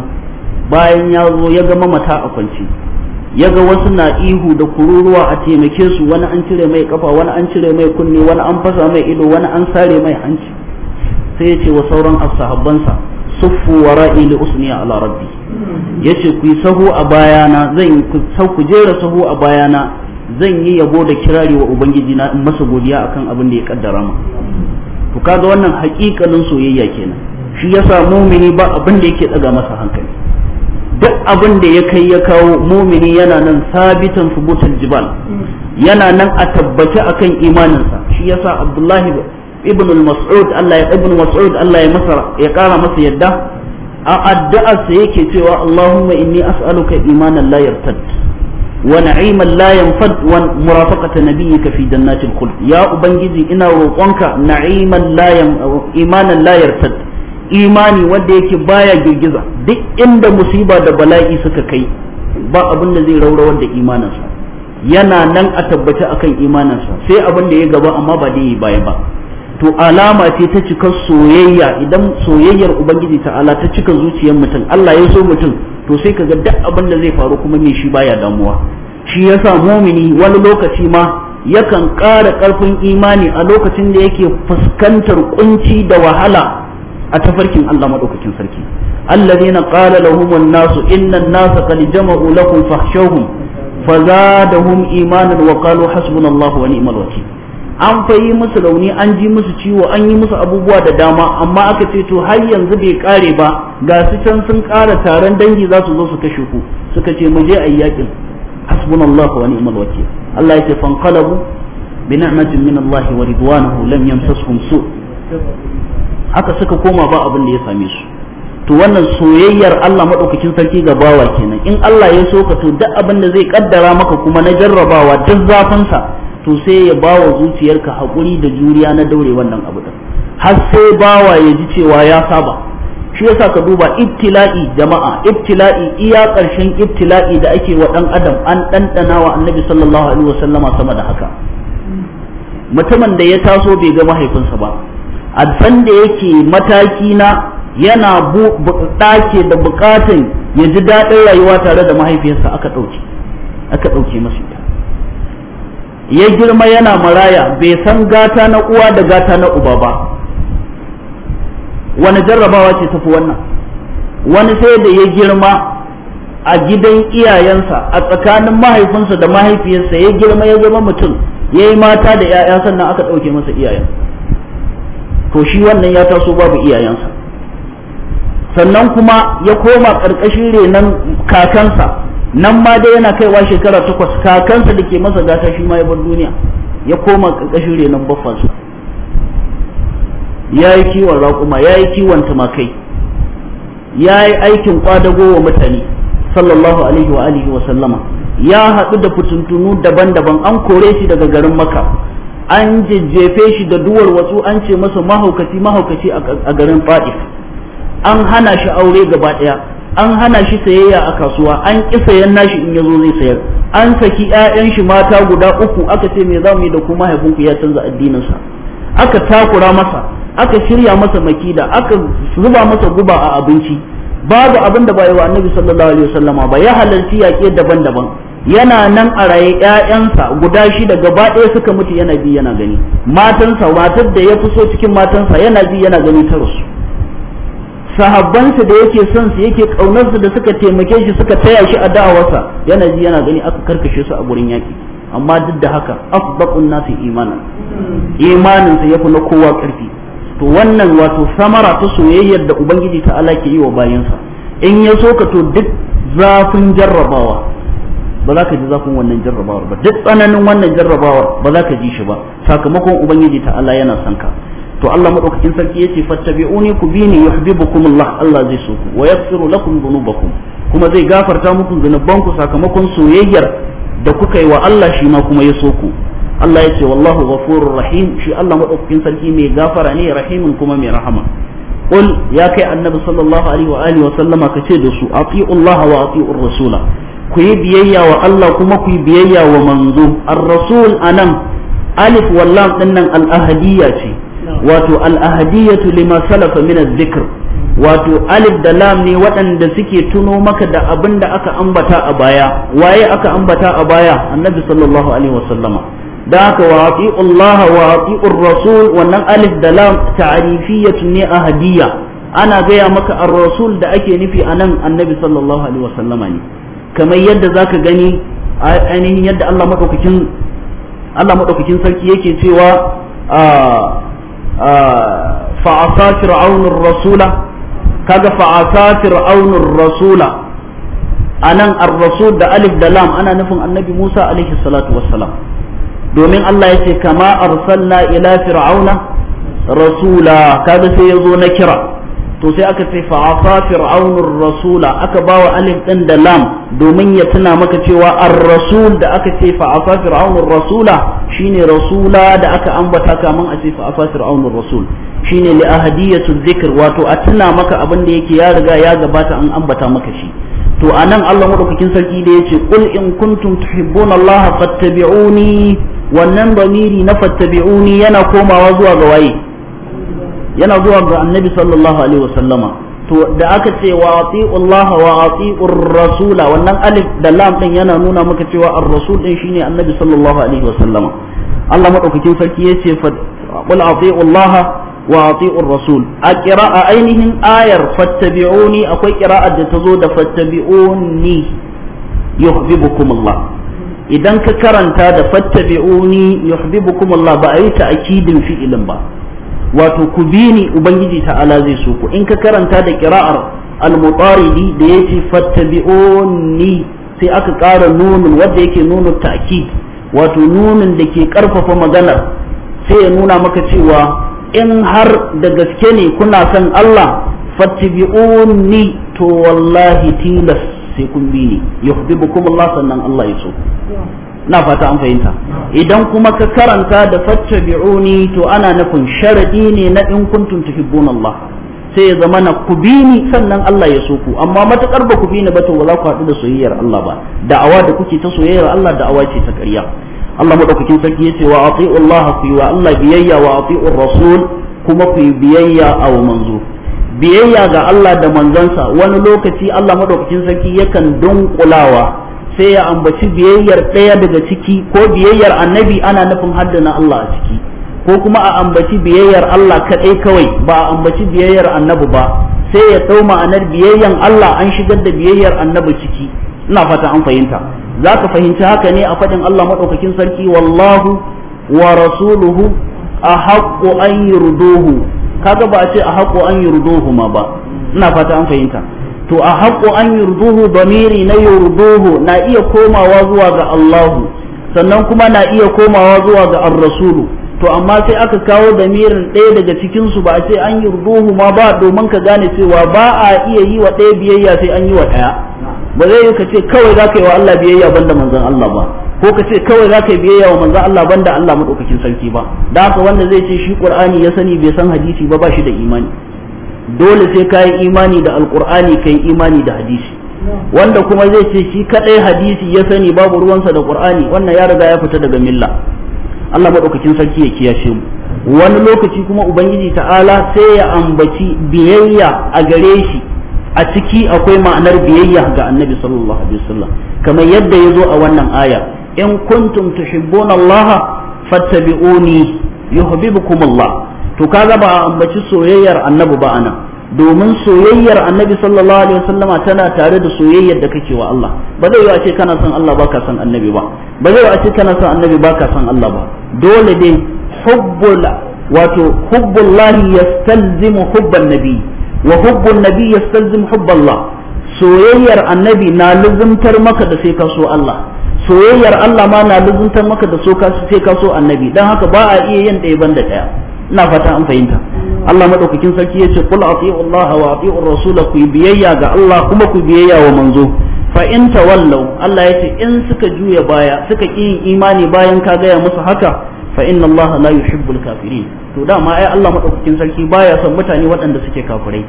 bayan ya zo ya gama mata a kwance ya ga wasu na ihu da kururuwa a taimake su wani an cire mai kafa wani an cire mai kunne wani an fasa mai ido wani an sare mai hanci sai ya ce wa sauran asahabbansa suffu wa ra'i li usni ala rabbi yace ku yi sahu a bayana zan ku sau jera sahu a bayana zan yi yabo da kirari wa ubangiji na in masa godiya akan abin da ya kaddara mu to kaga wannan hakikalin soyayya kenan shi yasa mumini ba abin da yake daga masa hankali duk abin da ya kai ya kawo mumini yana nan sabitan subutul jibal yana nan a tabbace akan imaninsa shi yasa abdullahi ibn mas'ud Allah ya ibn mas'ud Allah ya masa ya kara masa yadda a addu'a sa yake cewa Allahumma inni as'aluka imanan la yartad wa na'iman la yanfad wa murafaqata nabiyyika fi jannatil khuld ya ubangiji ina roƙonka na'iman la imanan la yartad imani wanda yake baya girgiza duk inda musiba da bala'i suka kai ba abin da zai raurawar da imaninsa yana nan a tabbata akan imaninsa sai abin da ya gaba amma ba da yi baya ba to alama ce ta cika soyayya idan soyayyar ubangiji ta ta'ala ta cika zuciyar mutum Allah ya so mutum to sai kaga duk abin da zai faru kuma me shi baya damuwa shi yasa mumini wani lokaci ma yakan ƙara ƙarfin imani a lokacin da yake fuskantar kunci da wahala a tafarkin Allah madaukakin sarki na qala da an-nasu inna an-nasa qad jama'u lakum fakhshawhum fazadahum imanan wa qalu hasbunallahu wa ni'mal wakeel an fayi musu rauni an ji musu ciwo an yi musu abubuwa da dama amma aka ce to har yanzu bai kare ba ga su can sun kara taron dangi za su zo su kashe ku suka ce mu je ayyakin hasbunallahu wa ni'mal wakeel Allah yake fanqalabu bi ni'matin min Allah wa ridwanahu lam yamsasuhum su' aka suka koma ba abin da ya same su to wannan soyayyar Allah madaukakin sarki ga bawa kenan in Allah ya so ka to duk abin da zai kaddara maka kuma na jarrabawa duk zafin sa to sai ya bawa zuciyarka hakuri da juriya na daure wannan abu din har sai bawa ya ji cewa ya saba shi yasa ka duba ibtila'i jama'a ibtila'i iya ƙarshen ibtila'i da ake wa ɗan adam an ɗanɗana wa annabi sallallahu alaihi wasallama sama da haka mutumin da ya taso bai ga mahaifinsa ba a da yake mataki na yana ɗake da buƙatan ya ji daɗin rayuwa tare da mahaifiyarsa aka ɗauke aka ɗauke masu ita ya girma yana maraya bai san gata na uwa da gata na uba ba wani jarrabawa ce tafi wannan wani sai da ya girma a gidan iyayensa a tsakanin mahaifinsa da mahaifiyarsa ya girma ya zama mutum ya yi mata da 'ya'ya sannan aka ɗauke masa iyayen to shi wannan ya taso babu iyayensa sannan kuma ya koma ƙarƙashin renon kakansa nan ma dai yana kaiwa shekara takwas kakansa da ke masa gata shi ma ya bar duniya ya koma ƙarƙashin renon baffansa ya yi kiwon raƙuma ya yi kiwon tumakai ya yi aikin ƙwadago wa mutane sallallahu alaihi wa alihi wa sallama ya haɗu da fitintunu daban-daban an kore shi daga garin maka an jejjefe shi da duwar wasu an ce masa mahaukaci mahaukaci a garin fadi an hana shi aure gaba daya an hana shi sayayya a kasuwa an ƙi sayan nashi in yazo zai sayar an saki 'ya'yan shi mata guda uku aka ce me za mu yi da kuma mahaifinku ya canza addinin sa aka takura masa aka shirya masa makida aka zuba masa guba a abinci babu abin da ba yi wa annabi sallallahu alaihi wasallama ba ya halarci yaƙe daban-daban yana nan a raye 'ya'yansa guda shida gaba ɗaya suka mutu yana bi yana gani matansa matar da ya fi so cikin matansa yana bi yana gani ta rasu sahabbansa da yake son su yake su da suka taimake shi suka taya shi a da'awarsa yana ji yana gani aka karkashe su a gurin yaƙi amma duk da haka afdaqun nasi imanan sa yafi na kowa ƙarfi to wannan wato samara ta soyayyar da ubangiji ta ala ke yi wa bayansa in ya so ka to duk zafin jarrabawa ba za ka ji zafin wannan jarrabawar ba duk tsananin wannan jarrabawar ba za ka ji shi ba sakamakon ubangiji ta Allah yana son ka to Allah madaukakin sarki yace fattabi'uni ku bini yuhibbukumullah Allah zai so ku wa yaghfiru lakum dhunubakum kuma zai gafarta muku ku sakamakon soyayyar da kuka yi wa Allah shi ma kuma ya so ku Allah yace wallahu ghafurur rahim shi Allah madaukakin sarki mai gafara ne rahimin kuma mai rahama قل يا كي النبي صلى الله عليه وآله وسلم كتير دسو أطيعوا الله وأطيعوا الرسول ku yi biyayya wa Allah kuma ku yi biyayya wa manzo ar-rasul anan alif wallam dinnan al-ahadiyya ce wato al-ahadiyatu lima salafa min az-zikr wato alif da lam ne waɗanda suke tuno maka da abin da aka ambata a baya waye aka ambata a baya annabi sallallahu alaihi wasallama da haka wa ati'u Allah wa ati'u rasul wannan alif da lam ta'rifiyatu ne ahadiyya ana gaya maka ar-rasul da ake nufi anan annabi sallallahu alaihi wasallama ne kamar yadda zaka gani ainihin yadda Allah madaukakin sarki yake cewa fa asa rasula kaga fa asa rasula anan nan rasul da alif da lam ana nufin annabi Musa alaihi salatu wassalam domin Allah ya ce kama arsalna ila fir'auna rasula kaga sai ya zo na kira to sai aka ce fa'asa fir'aunur rasula aka bawa alif din da lam domin ya tuna maka cewa ar-rasul da aka ce fa'asa fir'aunur rasula shine rasula da aka ambata kaman a ce fa'asa fir'aunur rasul shine li ahadiyatu dhikr wato a tuna maka abin da yake ya riga ya gabata an ambata maka shi to anan Allah madaukakin sarki da yace qul in kuntum tuhibbuna Allah fattabi'uni wannan bamiri na fattabi'uni yana komawa zuwa ga waye yana zuwa ga annabi sallallahu alaihi wasallama to da aka ce wa ati'u Allah wa ati'u rasula wannan alif da lam din yana nuna maka cewa ar-rasul din shine annabi sallallahu alaihi wasallama Allah madaukakin sarki yace fa qul ati'u Allah wa ati'u rasul a qira'a ainihin ayar fattabi'uni akwai qira'ar da tazo da fattabi'uni yuhibbukum Allah idan ka karanta da fattabi'uni yuhibbukum Allah ba a yi ta ta'kidin fi'ilin ba wato ku bi ni ubangiji ta'ala zai so ku in ka karanta da kira'ar al-mutaridi da yace fattabi'uni sai aka ƙara nunin wanda yake nunin ta'kid wato nunin da ke karfafa maganar sai ya nuna maka cewa in har da gaske ne kuna son Allah fattabi'uni to wallahi tilas sai kun bi ni yuhibbukum Allah sannan Allah ya so na fata an fahimta idan kuma ka karanta da fatta bi'uni to ana nufin sharadi ne na in kuntum tuhibbun Allah sai ya zama na ku bi ni sannan Allah ya so ku amma matakar ba ku bi ni ba to ba za ku haɗu da soyayyar Allah ba da'awa da kuke ta soyayyar Allah da'awa ce ta ƙarya Allah madaukakin sarki yace wa ati'u Allah ku wa Allah biyayya wa ati'u rasul kuma ku biyayya aw manzo biyayya ga Allah da manzansa wani lokaci Allah madaukakin sarki yakan dunkulawa sai ya ambaci biyayyar ɗaya daga ciki ko biyayyar annabi ana nufin haddana Allah a ciki ko kuma a ambaci biyayyar Allah kaɗai kawai ba a ambaci biyayyar annabi ba sai ya tsau ma'anar biyayyar Allah an shigar da biyayyar annabi ciki ina fata an fahimta za ka fahimci haka ne a faɗin Allah maɗaukakin sarki wallahu wa rasuluhu a haƙo an yi ruduhu kaga ba a ce a haƙo an yi ruduhu ma ba ina fata an fahimta to a haƙo an yurduhu damiri na yurduhu na iya komawa zuwa ga Allahu sannan kuma na iya komawa zuwa ga ar-rasulu to amma sai aka kawo damirin ɗaya daga cikin su ba a ce an yurduhu ma ba domin ka gane cewa ba a iya yi wa ɗaya biyayya sai an yi wa ɗaya ba zai yi ka ce kawai za ka yi wa Allah biyayya banda manzon Allah ba ko ka ce kawai za ka yi biyayya wa manzon Allah banda Allah madaukakin sarki ba da haka wanda zai ce shi Qur'ani ya sani bai san hadisi ba ba shi da imani dole sai ka yi imani da alkur'ani ka yi imani da hadisi wanda kuma zai ce shi kadai hadisi ya sani babu ruwansa da qur'ani wannan ya riga ya fita daga milla Allah madaukakin sarki ya kiyashe mu wani lokaci kuma ubangiji ta'ala sai ya ambaci biyayya a gare shi a ciki akwai ma'anar biyayya ga annabi sallallahu alaihi wasallam kamar yadda ya zo a wannan aya in kuntum tuhibbuna allaha fattabi'uni yuhibbukum Allah to kaga ba a ambaci soyayyar annabi ba anan domin soyayyar annabi sallallahu alaihi wasallama tana tare da soyayyar da kake wa Allah ba zai yi a ce kana son Allah ba ka son annabi ba ba zai yi a ce kana son annabi ka son Allah ba dole dai hubbul wato hubbullahi yastalzimu hubban nabi wa hubbun nabi yastalzimu hubballah soyayyar annabi na luzuntar maka da sai ka so Allah soyayyar Allah ma na luzuntar maka da so ka sai ka so annabi dan haka ba a iya yin ɗaya ban da ɗaya ina fatan an fahimta Allah madaukakin sarki yace kul ati'u Allah wa ati'u rasul ku biyayya ga Allah kuma ku biyayya wa manzo fa in tawallu Allah yace in suka juya baya suka ki imani bayan ka gaya musu haka fa inna Allah la yuhibbul kafirin to dama ai Allah madaukakin sarki baya son mutane waɗanda suke kafirai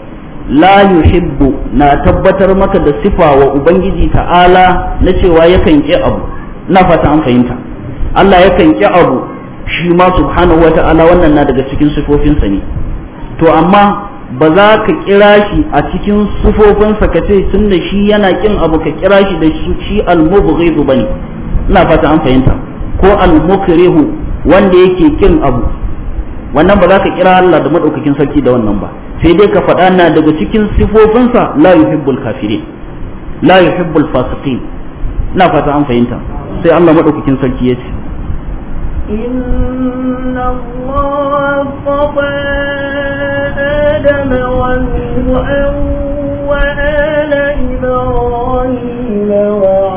la yuhibbu na tabbatar maka da sifa wa ubangiji ta'ala na cewa yakan ki abu na fata an fahimta Allah yakan ki abu shi ma subhanahu ta'ala wannan na daga cikin sifofinsa ne to amma ba za ka kira shi a cikin sufofinsa ka ce tun da shi yana kin abu ka kira shi da shi al-mubghidu bane ina fata an fahimta ko al-mukrihu wanda yake kin abu wannan ba za ka kira Allah da madaukakin sarki da wannan ba sai dai ka faɗa na daga cikin sifofinsa la yuhibbul kafirin la yuhibbul fasiqin ina fata an fahimta sai Allah madaukakin sarki ya ce إن الله اصطفى آدم ونوحا وآل إبراهيم وعلى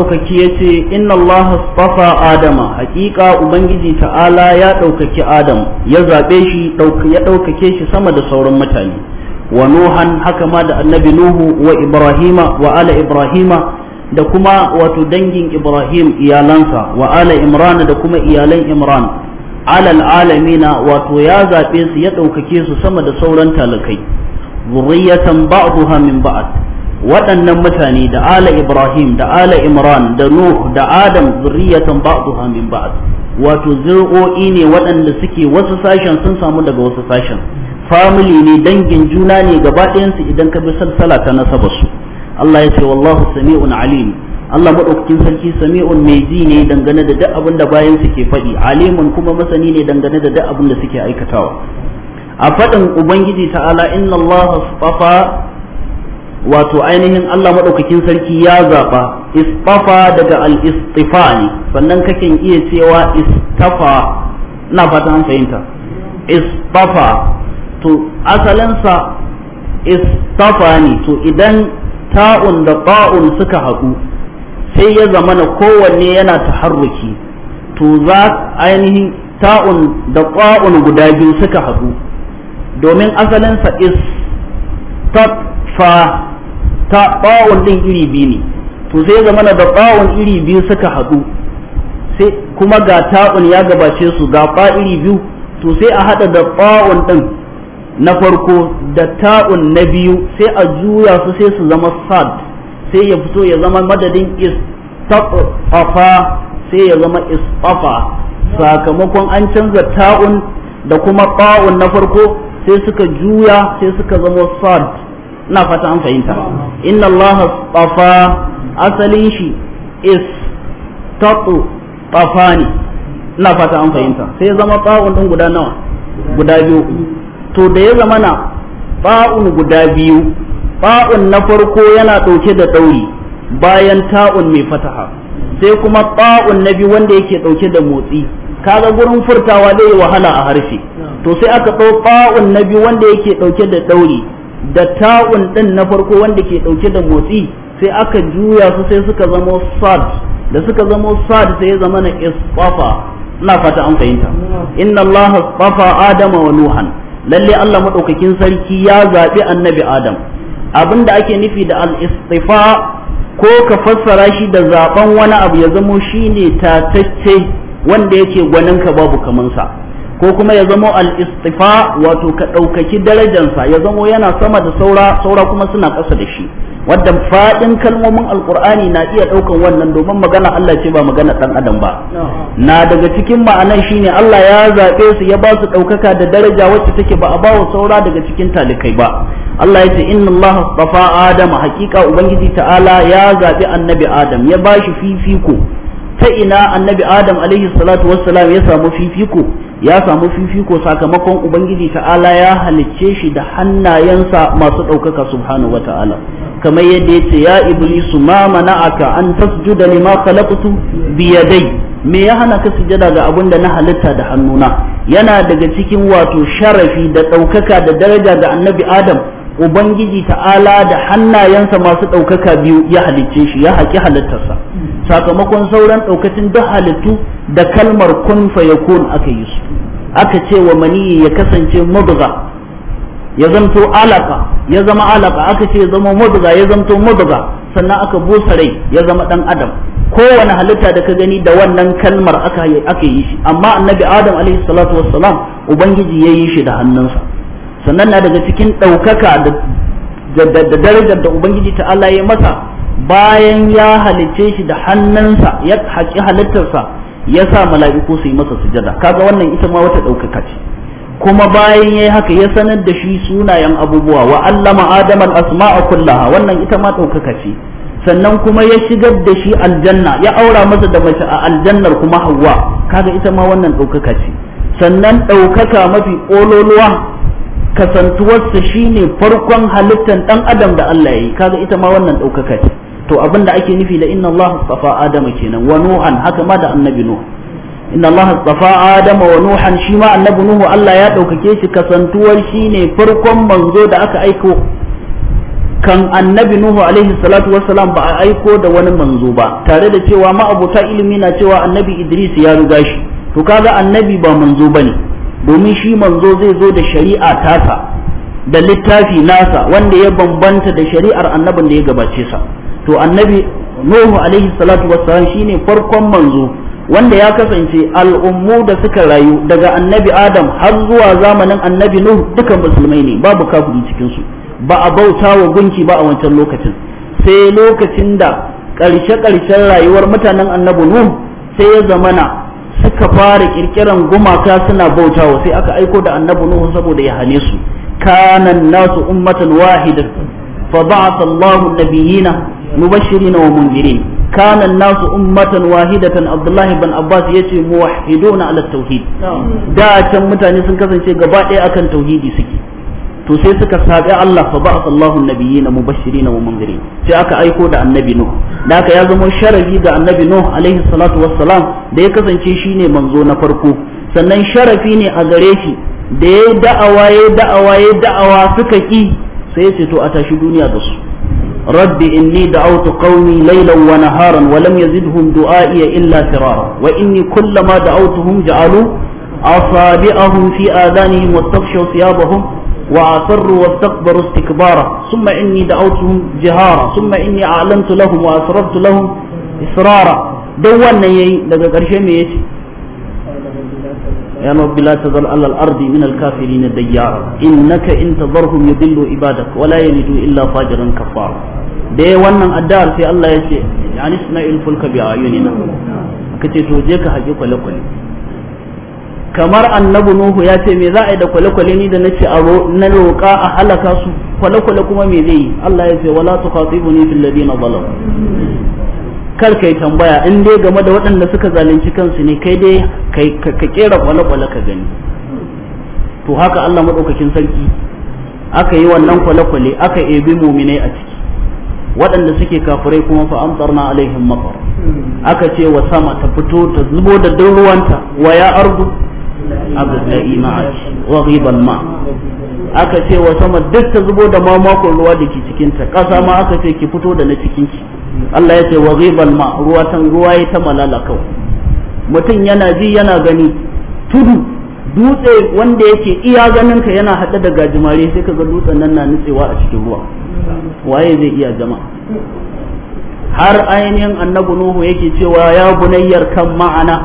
maɗaukaki ya ce inna Allah astafa adama hakika ubangiji ta'ala ya ɗaukaki adam ya zaɓe shi ya ɗaukake shi sama da sauran mutane wa nuhan haka ma da annabi nuhu wa ibrahima wa ala ibrahima da kuma wato dangin ibrahim iyalansa wa ala imran da kuma iyalan imran alal alamina wato ya zaɓe su ya ɗaukake su sama da sauran talakai zurriyatan ba'daha min ba'd waɗannan mutane da ala ibrahim da ala imran da nuh da adam zurriyatan ba'dha min ba'd wato zuri'o'i ne waɗanda suke wasu sashen sun samu daga wasu sashen family ne dangin juna ne gaba ɗayansu idan ka bi sassala ta nasabar su Allah ya ce wallahu sami'un alim Allah madaukakin sarki sami'un mai ji ne dangane da duk abin da bayan suke faɗi alimun kuma masani ne dangane da duk abin da suke aikatawa a faɗin ubangiji ta'ala inna Allah wato ainihin Allah maɗaukakin sarki ya zaɓa istafa daga al ne sannan kake iya cewa istafa na fatan an fahimta istafa to asalinsa istafa ne to idan ta'un da ba'un suka haɗu sai ya zama na kowanne yana taharruki to za ainihin ta'un da ba'un guda biyu suka haɗu domin asalinsa istafa ta bawon din iri biyu ne to sai ya zama da bawon iri biyu suka haɗu sai kuma ga ta'un ya gabace su ga ba iri biyu to sai a haɗa da bawon din na farko da ta'un na biyu sai a juya su sai su zama sad sai ya fito ya zama madadin istafa sai ya zama istafa sakamakon an canza ta'un da kuma bawon na farko sai suka juya sai suka zama sad ina fata an fahimta inna Allah tafa asalin shi is tatu taqu ne. ina fata an fahimta sai zama ta'un din guda nawa guda biyu to da ya zama na ba'un guda biyu ba'un na farko yana dauke da dauri bayan ta'un mai fataha sai kuma ba'un na biyu wanda yake dauke da motsi kaga gurin furtawa zai wahala a harshe to sai aka ɗau ba'un na biyu wanda yake ɗauke da ɗauri da ta'un din na farko wanda ke dauke da motsi sai aka juya su sai suka zama sad da suka zamo sad sai ya zama na isfafa ina fata an fahimta inna allaha safa adama wa nuhan lalle Allah madaukakin sarki ya zabi annabi adam abinda ake nufi da al-istifa ko ka fassara shi da zaben wani abu ya zamo shine tatacce wanda yake gwaninka babu kamansa ko kuma ya zamo al-istifa wato ka ɗaukaki darajansa ya zamo yana sama da saura saura kuma suna ƙasa da shi wadda faɗin kalmomin Alƙur'ani na iya ɗaukan wannan domin magana Allah ce ba magana ɗan adam ba na daga cikin ma'anan shine Allah ya zaɓe su ya ba su ɗaukaka da daraja wacce take ba a ba wa saura daga cikin talikai ba Allah ya ce inna Allah tafa Adam haƙiƙa ubangiji ta'ala ya zaɓi annabi Adam ya ba shi fifiko ta ina annabi adam alaihi salatu wassalam ya samu fifiko ya samu fifiko sakamakon ubangiji ta'ala ya halicce shi da hannayensa masu ɗaukaka subhanahu wata'ala kamar yadda ya ce ya iblisu ma mana'aka an tasjuda lima khalaqtu biya dai me ya hana ka sujada ga abin da na halitta da hannuna yana daga cikin wato sharafi da ɗaukaka da daraja ga annabi adam ubangiji ta'ala da hannayensa masu ɗaukaka biyu ya halicce shi ya haƙi halittarsa sakamakon sauran ɗaukacin duk halittu da kalmar kun fayakun aka yi su aka ce wa mani ya kasance mudga ya zamto alaka ya zama alaka aka ce ya zama mudga ya zamto mudga sannan aka busa rai ya zama ɗan adam kowane halitta da ka gani da wannan kalmar aka yi shi amma annabi adam alaihi salatu wassalam ubangiji ya yi shi da hannunsa sannan na daga cikin ɗaukaka da darajar da ubangiji ta Allah ya masa bayan ya halicce shi da hannunsa ya haƙi halittarsa ya sa mala'iku su yi masa sujada kaga wannan ita ma wata ɗaukaka ce kuma bayan yayi haka ya sanar da shi sunayen abubuwa wa allama adama al-asma'a kullaha wannan ita ma ɗaukaka ce sannan kuma ya shigar da shi aljanna ya aura masa da mace a aljannar kuma hawa kaga ita ma wannan ɗaukaka ce sannan ɗaukaka mafi ƙololuwa kasantuwarsa shine farkon halittar dan adam da Allah ya yi kaga ita ma wannan ɗaukaka ce to abin da ake nufi da inna Allah safa adama kenan wa nuhan haka ma da annabi nuh inna Allah safa adama wa nuhan shi ma annabi nuhu Allah ya ɗaukake shi kasantuwar shine farkon manzo da aka aiko kan annabi nuhu alaihi salatu wassalam ba a aiko da wani manzo ba tare da cewa ma'abuta ilimi na cewa annabi idris ya ruga shi to kaga annabi ba manzo bane domin shi manzo zai zo da shari'a tasa da littafi nasa wanda ya bambanta da shari'ar annabin da ya gabace sa to annabi nuhu alaihi salatu wassalam shine farkon manzo wanda ya kasance al'ummu da suka rayu daga annabi adam har zuwa zamanin annabi nuhu dukan musulmai ne babu kafiri cikin su ba a bauta wa gunki ba a wancan lokacin sai lokacin da ƙarshe ƙarshen rayuwar mutanen annabi nuhu sai ya zamana suka fara kirkiran gumaka suna bautawa sai aka aiko da annabi nuhu saboda ya hane su kana nasu ummatan wahidat fa ba'atha Allahu nabiyina mubashirin wa munzirin kana nasu ummatan wahidatan Abdullahi ibn Abbas yace muwahhiduna ala tauhid da can mutane sun kasance gaba ɗaya akan tauhidi suke to sai suka sabi Allah fa ba Allahu nabiyina mubashirin wa munzirin sai aka aiko da annabi nuh da aka ya zama sharafi ga annabi nuh alaihi salatu wassalam da ya kasance shine manzo na farko sannan sharafi ne a gare shi da ya da'awa ya da'awa ya da'awa suka ki sai ce to a tashi duniya da su rabbi inni da'awtu qaumi laylan wa naharan wa lam yazidhum du'a'i illa firara wa inni kullama da'awtuhum ja'alu asabi'ahum fi adanihim wastaghshaw thiyabahum وأصروا واستكبروا استكبارا ثم إني دعوتهم جهارا ثم إني أعلنت لهم وأسررت لهم إسرارا دوانا يي لقى قرشين يتي يا رب لا تذر على الأرض من الكافرين ديارا إنك إن تذرهم يضلوا عبادك ولا يلدوا إلا فاجرا كفارا dai wannan addu'ar sai Allah ya ce yani isma'il fulka bi ayunina kace to je ka haƙi kwale-kwale kamar annabi nuhu ya ce me za a yi da kwale-kwale ni da na ce na roƙa a halaka su kwale-kwale kuma me zai yi Allah ya ce wala tuqatibuni fil ladina zalamu kar kai tambaya in dai game da waɗanda suka zalunci kansu ne kai dai ka kera kwale-kwale ka gani to haka Allah madaukakin sarki aka yi wannan kwale-kwale aka ebi muminai a ciki waɗanda suke kafirai kuma fa amtarna alaihim maqar aka ce wa sama ta fito ta zubo da ruwanta wa ya ardu abdullahi ma'ash wa ghibal ma aka ce wa sama duk ta zubo da mamakon ruwa da ke cikin ta kasa ma aka ce ki fito da na cikin ki Allah ya ce wa ghibal ma ruwa tan ruwa ya ta malala kau mutum yana ji yana gani tudu dutse wanda yake iya ganin ka yana hada da gajimare sai ka ga dutsen nan na nutsewa a cikin ruwa waye zai iya jama'a har ainihin annabi nuhu yake cewa ya bunayyar kan ma'ana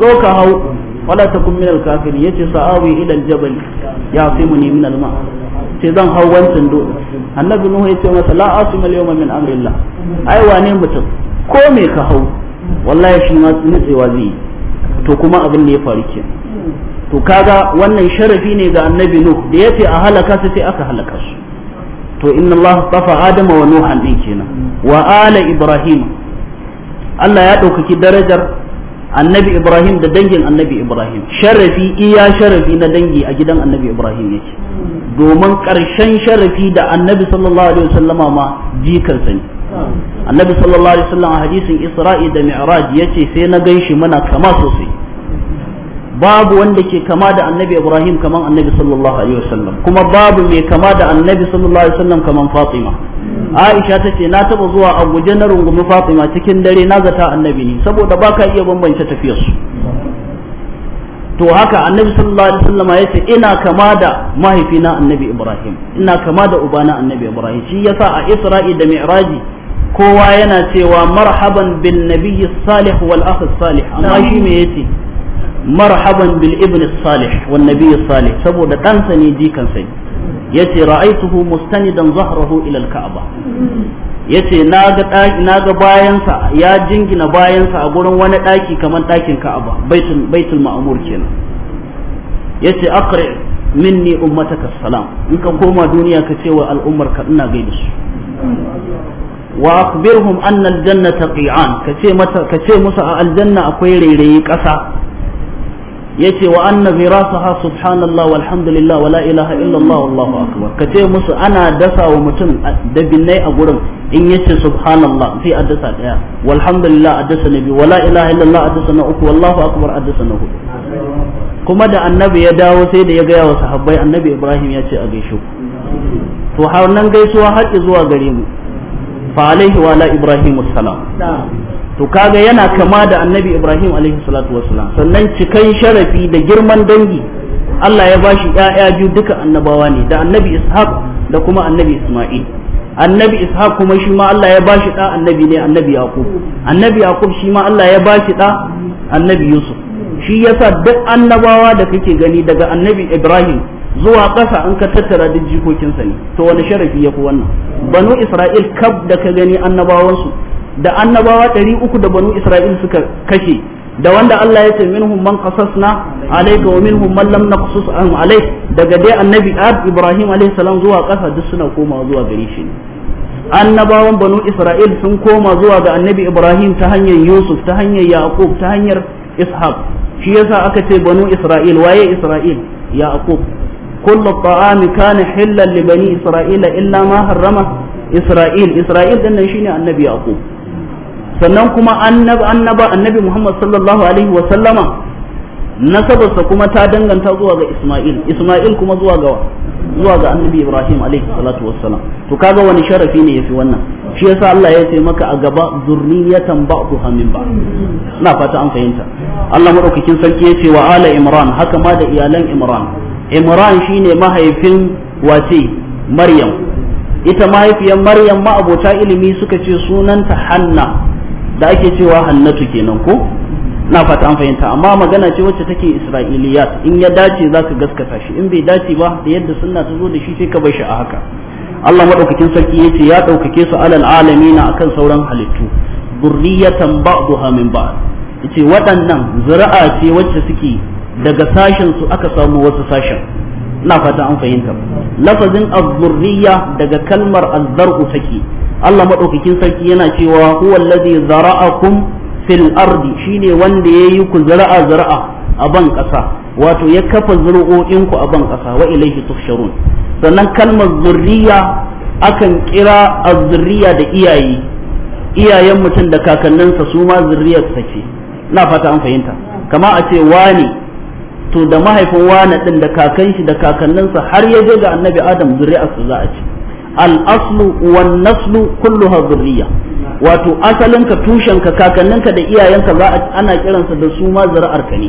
zo ka hau wala kun min al ya ce sa'awi ila al-jabal ya'simuni min al-ma sai zan hau wancan dole annabi nuhu yace masa la asima al-yawma min amrillah ai wane mutum ko me ka hau wallahi shi ma tsewa zai to kuma abin da ya faru ke to kaga wannan sharafi ne ga annabi Nuhu da ya ce a halaka su sai aka halaka su to inna Allah tafa adama wa nuhan din kenan wa ala ibrahim Allah ya ɗaukaki darajar annabi ibrahim da dangin annabi ibrahim sharafi iya sharafi na dangi a gidan annabi ibrahim yake domin ƙarshen sharafi da annabi sallallahu alaihi wasallama ma jikarsa ne annabi sallallahu alaihi wasallam a hadisin isra'i da mi'raj yace sai na ganshi muna kama sosai babu wanda ke kama da annabi ibrahim kaman annabi sallallahu alaihi wasallam kuma babu mai kama da annabi sallallahu alaihi wasallam kaman fatima Aisha ta ce na taɓa zuwa a guje na rungumi Fatima cikin dare na zata annabi ne saboda baka iya bambance tafiyarsu to haka annabi sallallahu alaihi wasallam ya ce ina kama da mahaifina annabi Ibrahim ina kama da ubana annabi Ibrahim shi yasa a Isra'i da Mi'raji kowa yana cewa marhaban bin nabiyyi salih wal akh salih amma shi me yace marhaban bil ibn salih wan nabiyyi salih saboda ɗansa ne jikansa ne yace ra'aituhu mustanidan zahrahu ila ka'aba kaba yace naga naga bayansa ya jingina bayansa a gurin wani daki kamar dakin Ka'aba baitul baitul ma'mur kenan yace aqri minni ummataka salam in ka koma duniya ka ce wa al'ummar ka ina gaida su wa akhbirhum anna al-jannata ka ce musu a aljanna akwai rairayi kasa yace wa anna zirasaha subhanallah walhamdulillah wala ilaha illallah wallahu akbar kace musu ana dasa wa mutum dabinai a gurin in yace subhanallah fi a dasa daya walhamdulillah a dasa nabi wala ilaha illallah a na uku wallahu akbar a na hudu kuma da annabi ya dawo sai da ya gaya wa sahabbai annabi ibrahim ya ce a gaishe to har nan gaisuwa har zuwa gare mu fa alaihi wa ala ibrahim assalam to kaga yana kama da annabi ibrahim alaihi salatu wasalam sannan cikan sharafi da girman dangi Allah ya bashi ƴaƴa biyu duka annabawa ne da annabi ishaq da kuma annabi isma'il annabi ishaq kuma shi ma Allah ya bashi da annabi ne annabi yaqub annabi yaqub shi ma Allah ya bashi da annabi yusuf shi yasa duk annabawa da kake gani daga annabi ibrahim zuwa ƙasa an ka tattara duk jikokinsa ne to wani sharafi ya fi wannan banu isra'il kab da ka gani annabawansu da annabawa ɗari uku da banu isra'il suka kashe da wanda Allah ya ce minhum man qasasna alayka wa minhum man lam naqsus an daga dai annabi Ad Ibrahim alayhi salam zuwa ƙasa duk suna koma zuwa gare shi ne annabawan banu Isra'il sun koma zuwa ga annabi Ibrahim ta hanyar Yusuf ta hanyar Yaqub ta hanyar Ishaq shi yasa aka ce banu Isra'il waye Isra'il Yaqub kullu ta'ami kana hillan li bani Isra'ila illa ma harrama Isra'il Isra'il din shine annabi Yaqub sannan kuma annaba annabi Muhammad sallallahu alaihi nasabarsa kuma ta danganta zuwa ga Isma'il Isma'il kuma zuwa ga zuwa ga annabi Ibrahim alaihi salatu wassalam to kaga wani sharafi ne yafi wannan shi yasa Allah ya ce maka a gaba zurriyatan ba'dha hamin ba ina fata an fahimta Allah madaukakin sarki ya ce wa ala Imran haka ma da iyalan Imran Imran shine mahaifin wace Maryam ita mahaifiyar Maryam ma abota ilimi suka ce sunanta Hanna da ake cewa hannatu kenan ko na fata an fahimta amma magana ce wacce take isra'iliyat in ya dace zaka gaskata shi in bai dace ba da yadda sunna ta zo da shi sai ka bar shi a haka Allah madaukakin sarki ya ce ya daukake su alal na akan sauran halittu zurriyatan ba'daha min ba'd yace waɗannan zuri'a ce wacce suke daga sashen su aka samu wasu sashen na fata an fahimta lafazin az-zurriya daga kalmar az-zar'u take Allah madaukakin sarki yana cewa huwa allazi zara'akum fil ardi shine wanda yayi ku zara'a zara'a a ban ƙasa, wato ya kafa zuri'o'in ku a ban ƙasa, wa ilaihi tuhsharun sannan kalmar zurriya akan kira azzurriya da iyaye iyayen mutum da kakanninsa su ma zurriyar ce na fata an fahimta kama a ce wani to da mahaifin wani din da kakan shi da kakanninsa har ya je ga annabi adam su za a ce al-aslu wan naslu kulluha dhurriyya wato asalinka tushenka kakanninka da iyayenka za ana kiransa da su ma zuri'arka ne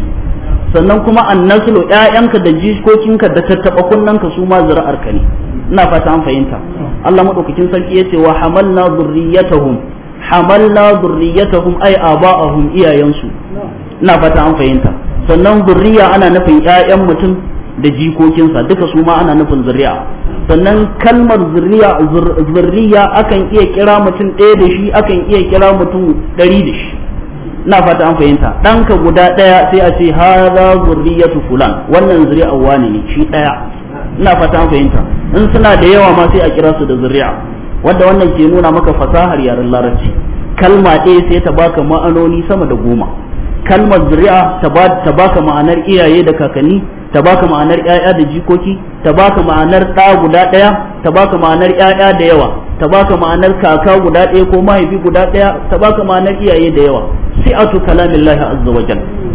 sannan kuma naslu ƴaƴanka da jikokinka da tattaba kunnanka su ma zuri'arka ne ina fata an fahimta Allah madaukakin sarki yace wa hamalna dhurriyyatahum hamalna dhurriyyatahum ay aba'ahum iyayensu ina fata an fahimta sannan zurriya ana nufin ƴaƴan mutum da jikokinsa duka su ma ana nufin zuri'a sannan kalmar zurriya zurriya akan iya kira mutum ɗaya da shi akan iya kira mutum ɗari da shi ina fata an fahimta ɗanka guda ɗaya sai a ce haza zurriyatu fulan wannan zuri'a wani ne shi ɗaya ina fata an fahimta in suna da yawa ma sai a kira su da zuri'a wanda wannan ke nuna maka fasahar yaren larabci kalma ɗaya sai ta baka ma'anoni sama da goma kalmar zuri'a ta baka ma'anar iyaye da kakanni ta baka ma'anar ƴaƴa da jikoki ta baka ma'anar ɗa guda ɗaya ta baka ma'anar ƴaƴa da yawa ta baka ma'anar kaka guda ɗaya ko mahaifi guda ɗaya ta baka ma'anar iyaye da yawa sai si'atu kalamillahi azza wa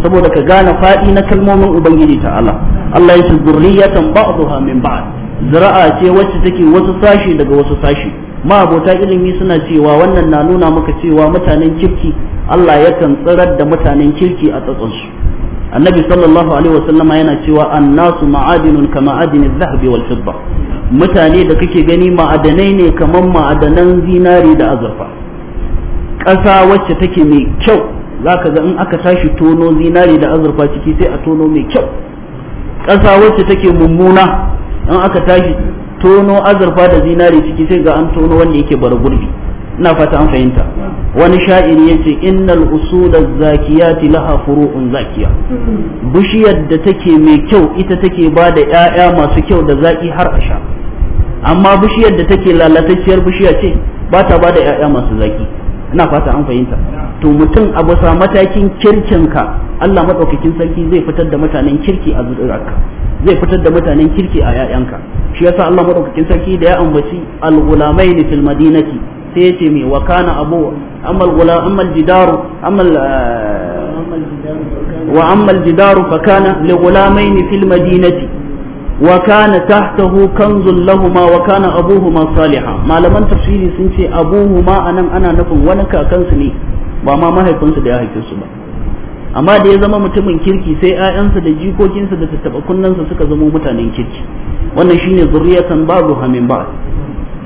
saboda ka gane faɗi na kalmomin ubangiji ta Allah Allah ya ce zurriyatan ba'daha min ba'd zira'a ce wacce take wasu sashi daga wasu sashi ma abota ilimi suna cewa wannan na nuna maka cewa mutanen kirki Allah yakan tsirar da mutanen kirki a tsatsansu annabi sallallahu alaihi wasallama yana cewa annasu ma'adinun ka ma'adinin zahabi wal fidda mutane da kake gani ma'adanai ne kamar ma'adanan zinari da azurfa ƙasa wacce take mai kyau zaka ga in aka tashi tono zinari da azurfa ciki sai a tono mai kyau ƙasa wacce take mummuna in aka tashi tono azurfa da zinari ciki sai ga an tono wanda yake bara gurbi ina fata an fahimta wani sha'iri yace innal usudaz zakiyati laha furu'un zakiya bishiyar da take mai kyau ita take ba da ƴaƴa masu kyau da zaki har a sha amma bishiyar da take lalatacciyar bishiya ce ba ta ba da ƴaƴa masu zaki ina fata an fahimta to mutum a bisa matakin kirkinka Allah madaukakin sarki zai fitar da mutanen kirki a zuriyarka zai fitar da mutanen kirki a ƴaƴanka shi yasa Allah madaukakin sarki da ya ambaci al-ghulamaini fil madinati sai yace me wa kana abu amal gula amal jidaru amal eh, wa amal jidaru fa kana li fil madinati wa kana tahtahu kanzun lahuma wa kana abuhuma salihan malaman tafsiri sun ce abuhuma anan ana nufin wani kakansu ne ba ma mahaifinsu da ya haife su ba amma da ya zama mutumin kirki sai 'ya'yansa da jikokinsa da tattaɓa kunnensa suka zama mutanen kirki wannan shine zurriyatan babu hamin ba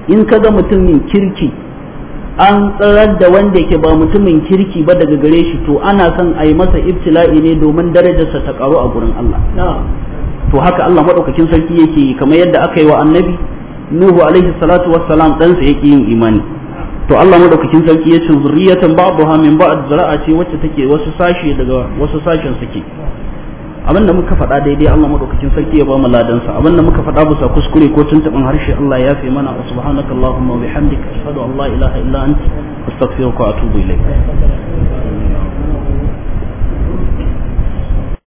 in kaga mutumin kirki an tsarar da wanda yake ba mutumin kirki ba daga gare shi to ana son a yi masa ibtila'i ne domin darajarsa ta karu a gurin Allah to haka Allah madaukakin sarki yake yi kamar yadda aka yi wa annabi Nuhu alaihi salatu wassalam dan yake yin imani to Allah madaukakin sarki ya ce babu ba'daha min ba'd zara'a ce wacce take wasu sashi daga wasu sashen suke abin da muka faɗa daidai Allah madaukakin sarki ya ba mu ladansa abin da muka faɗa bisa kuskure ko tuntuɓin harshe Allah ya fi mana wa subhanakallahumma wa bihamdika ashhadu an la ilaha illa anta astaghfiruka wa atubu ilayk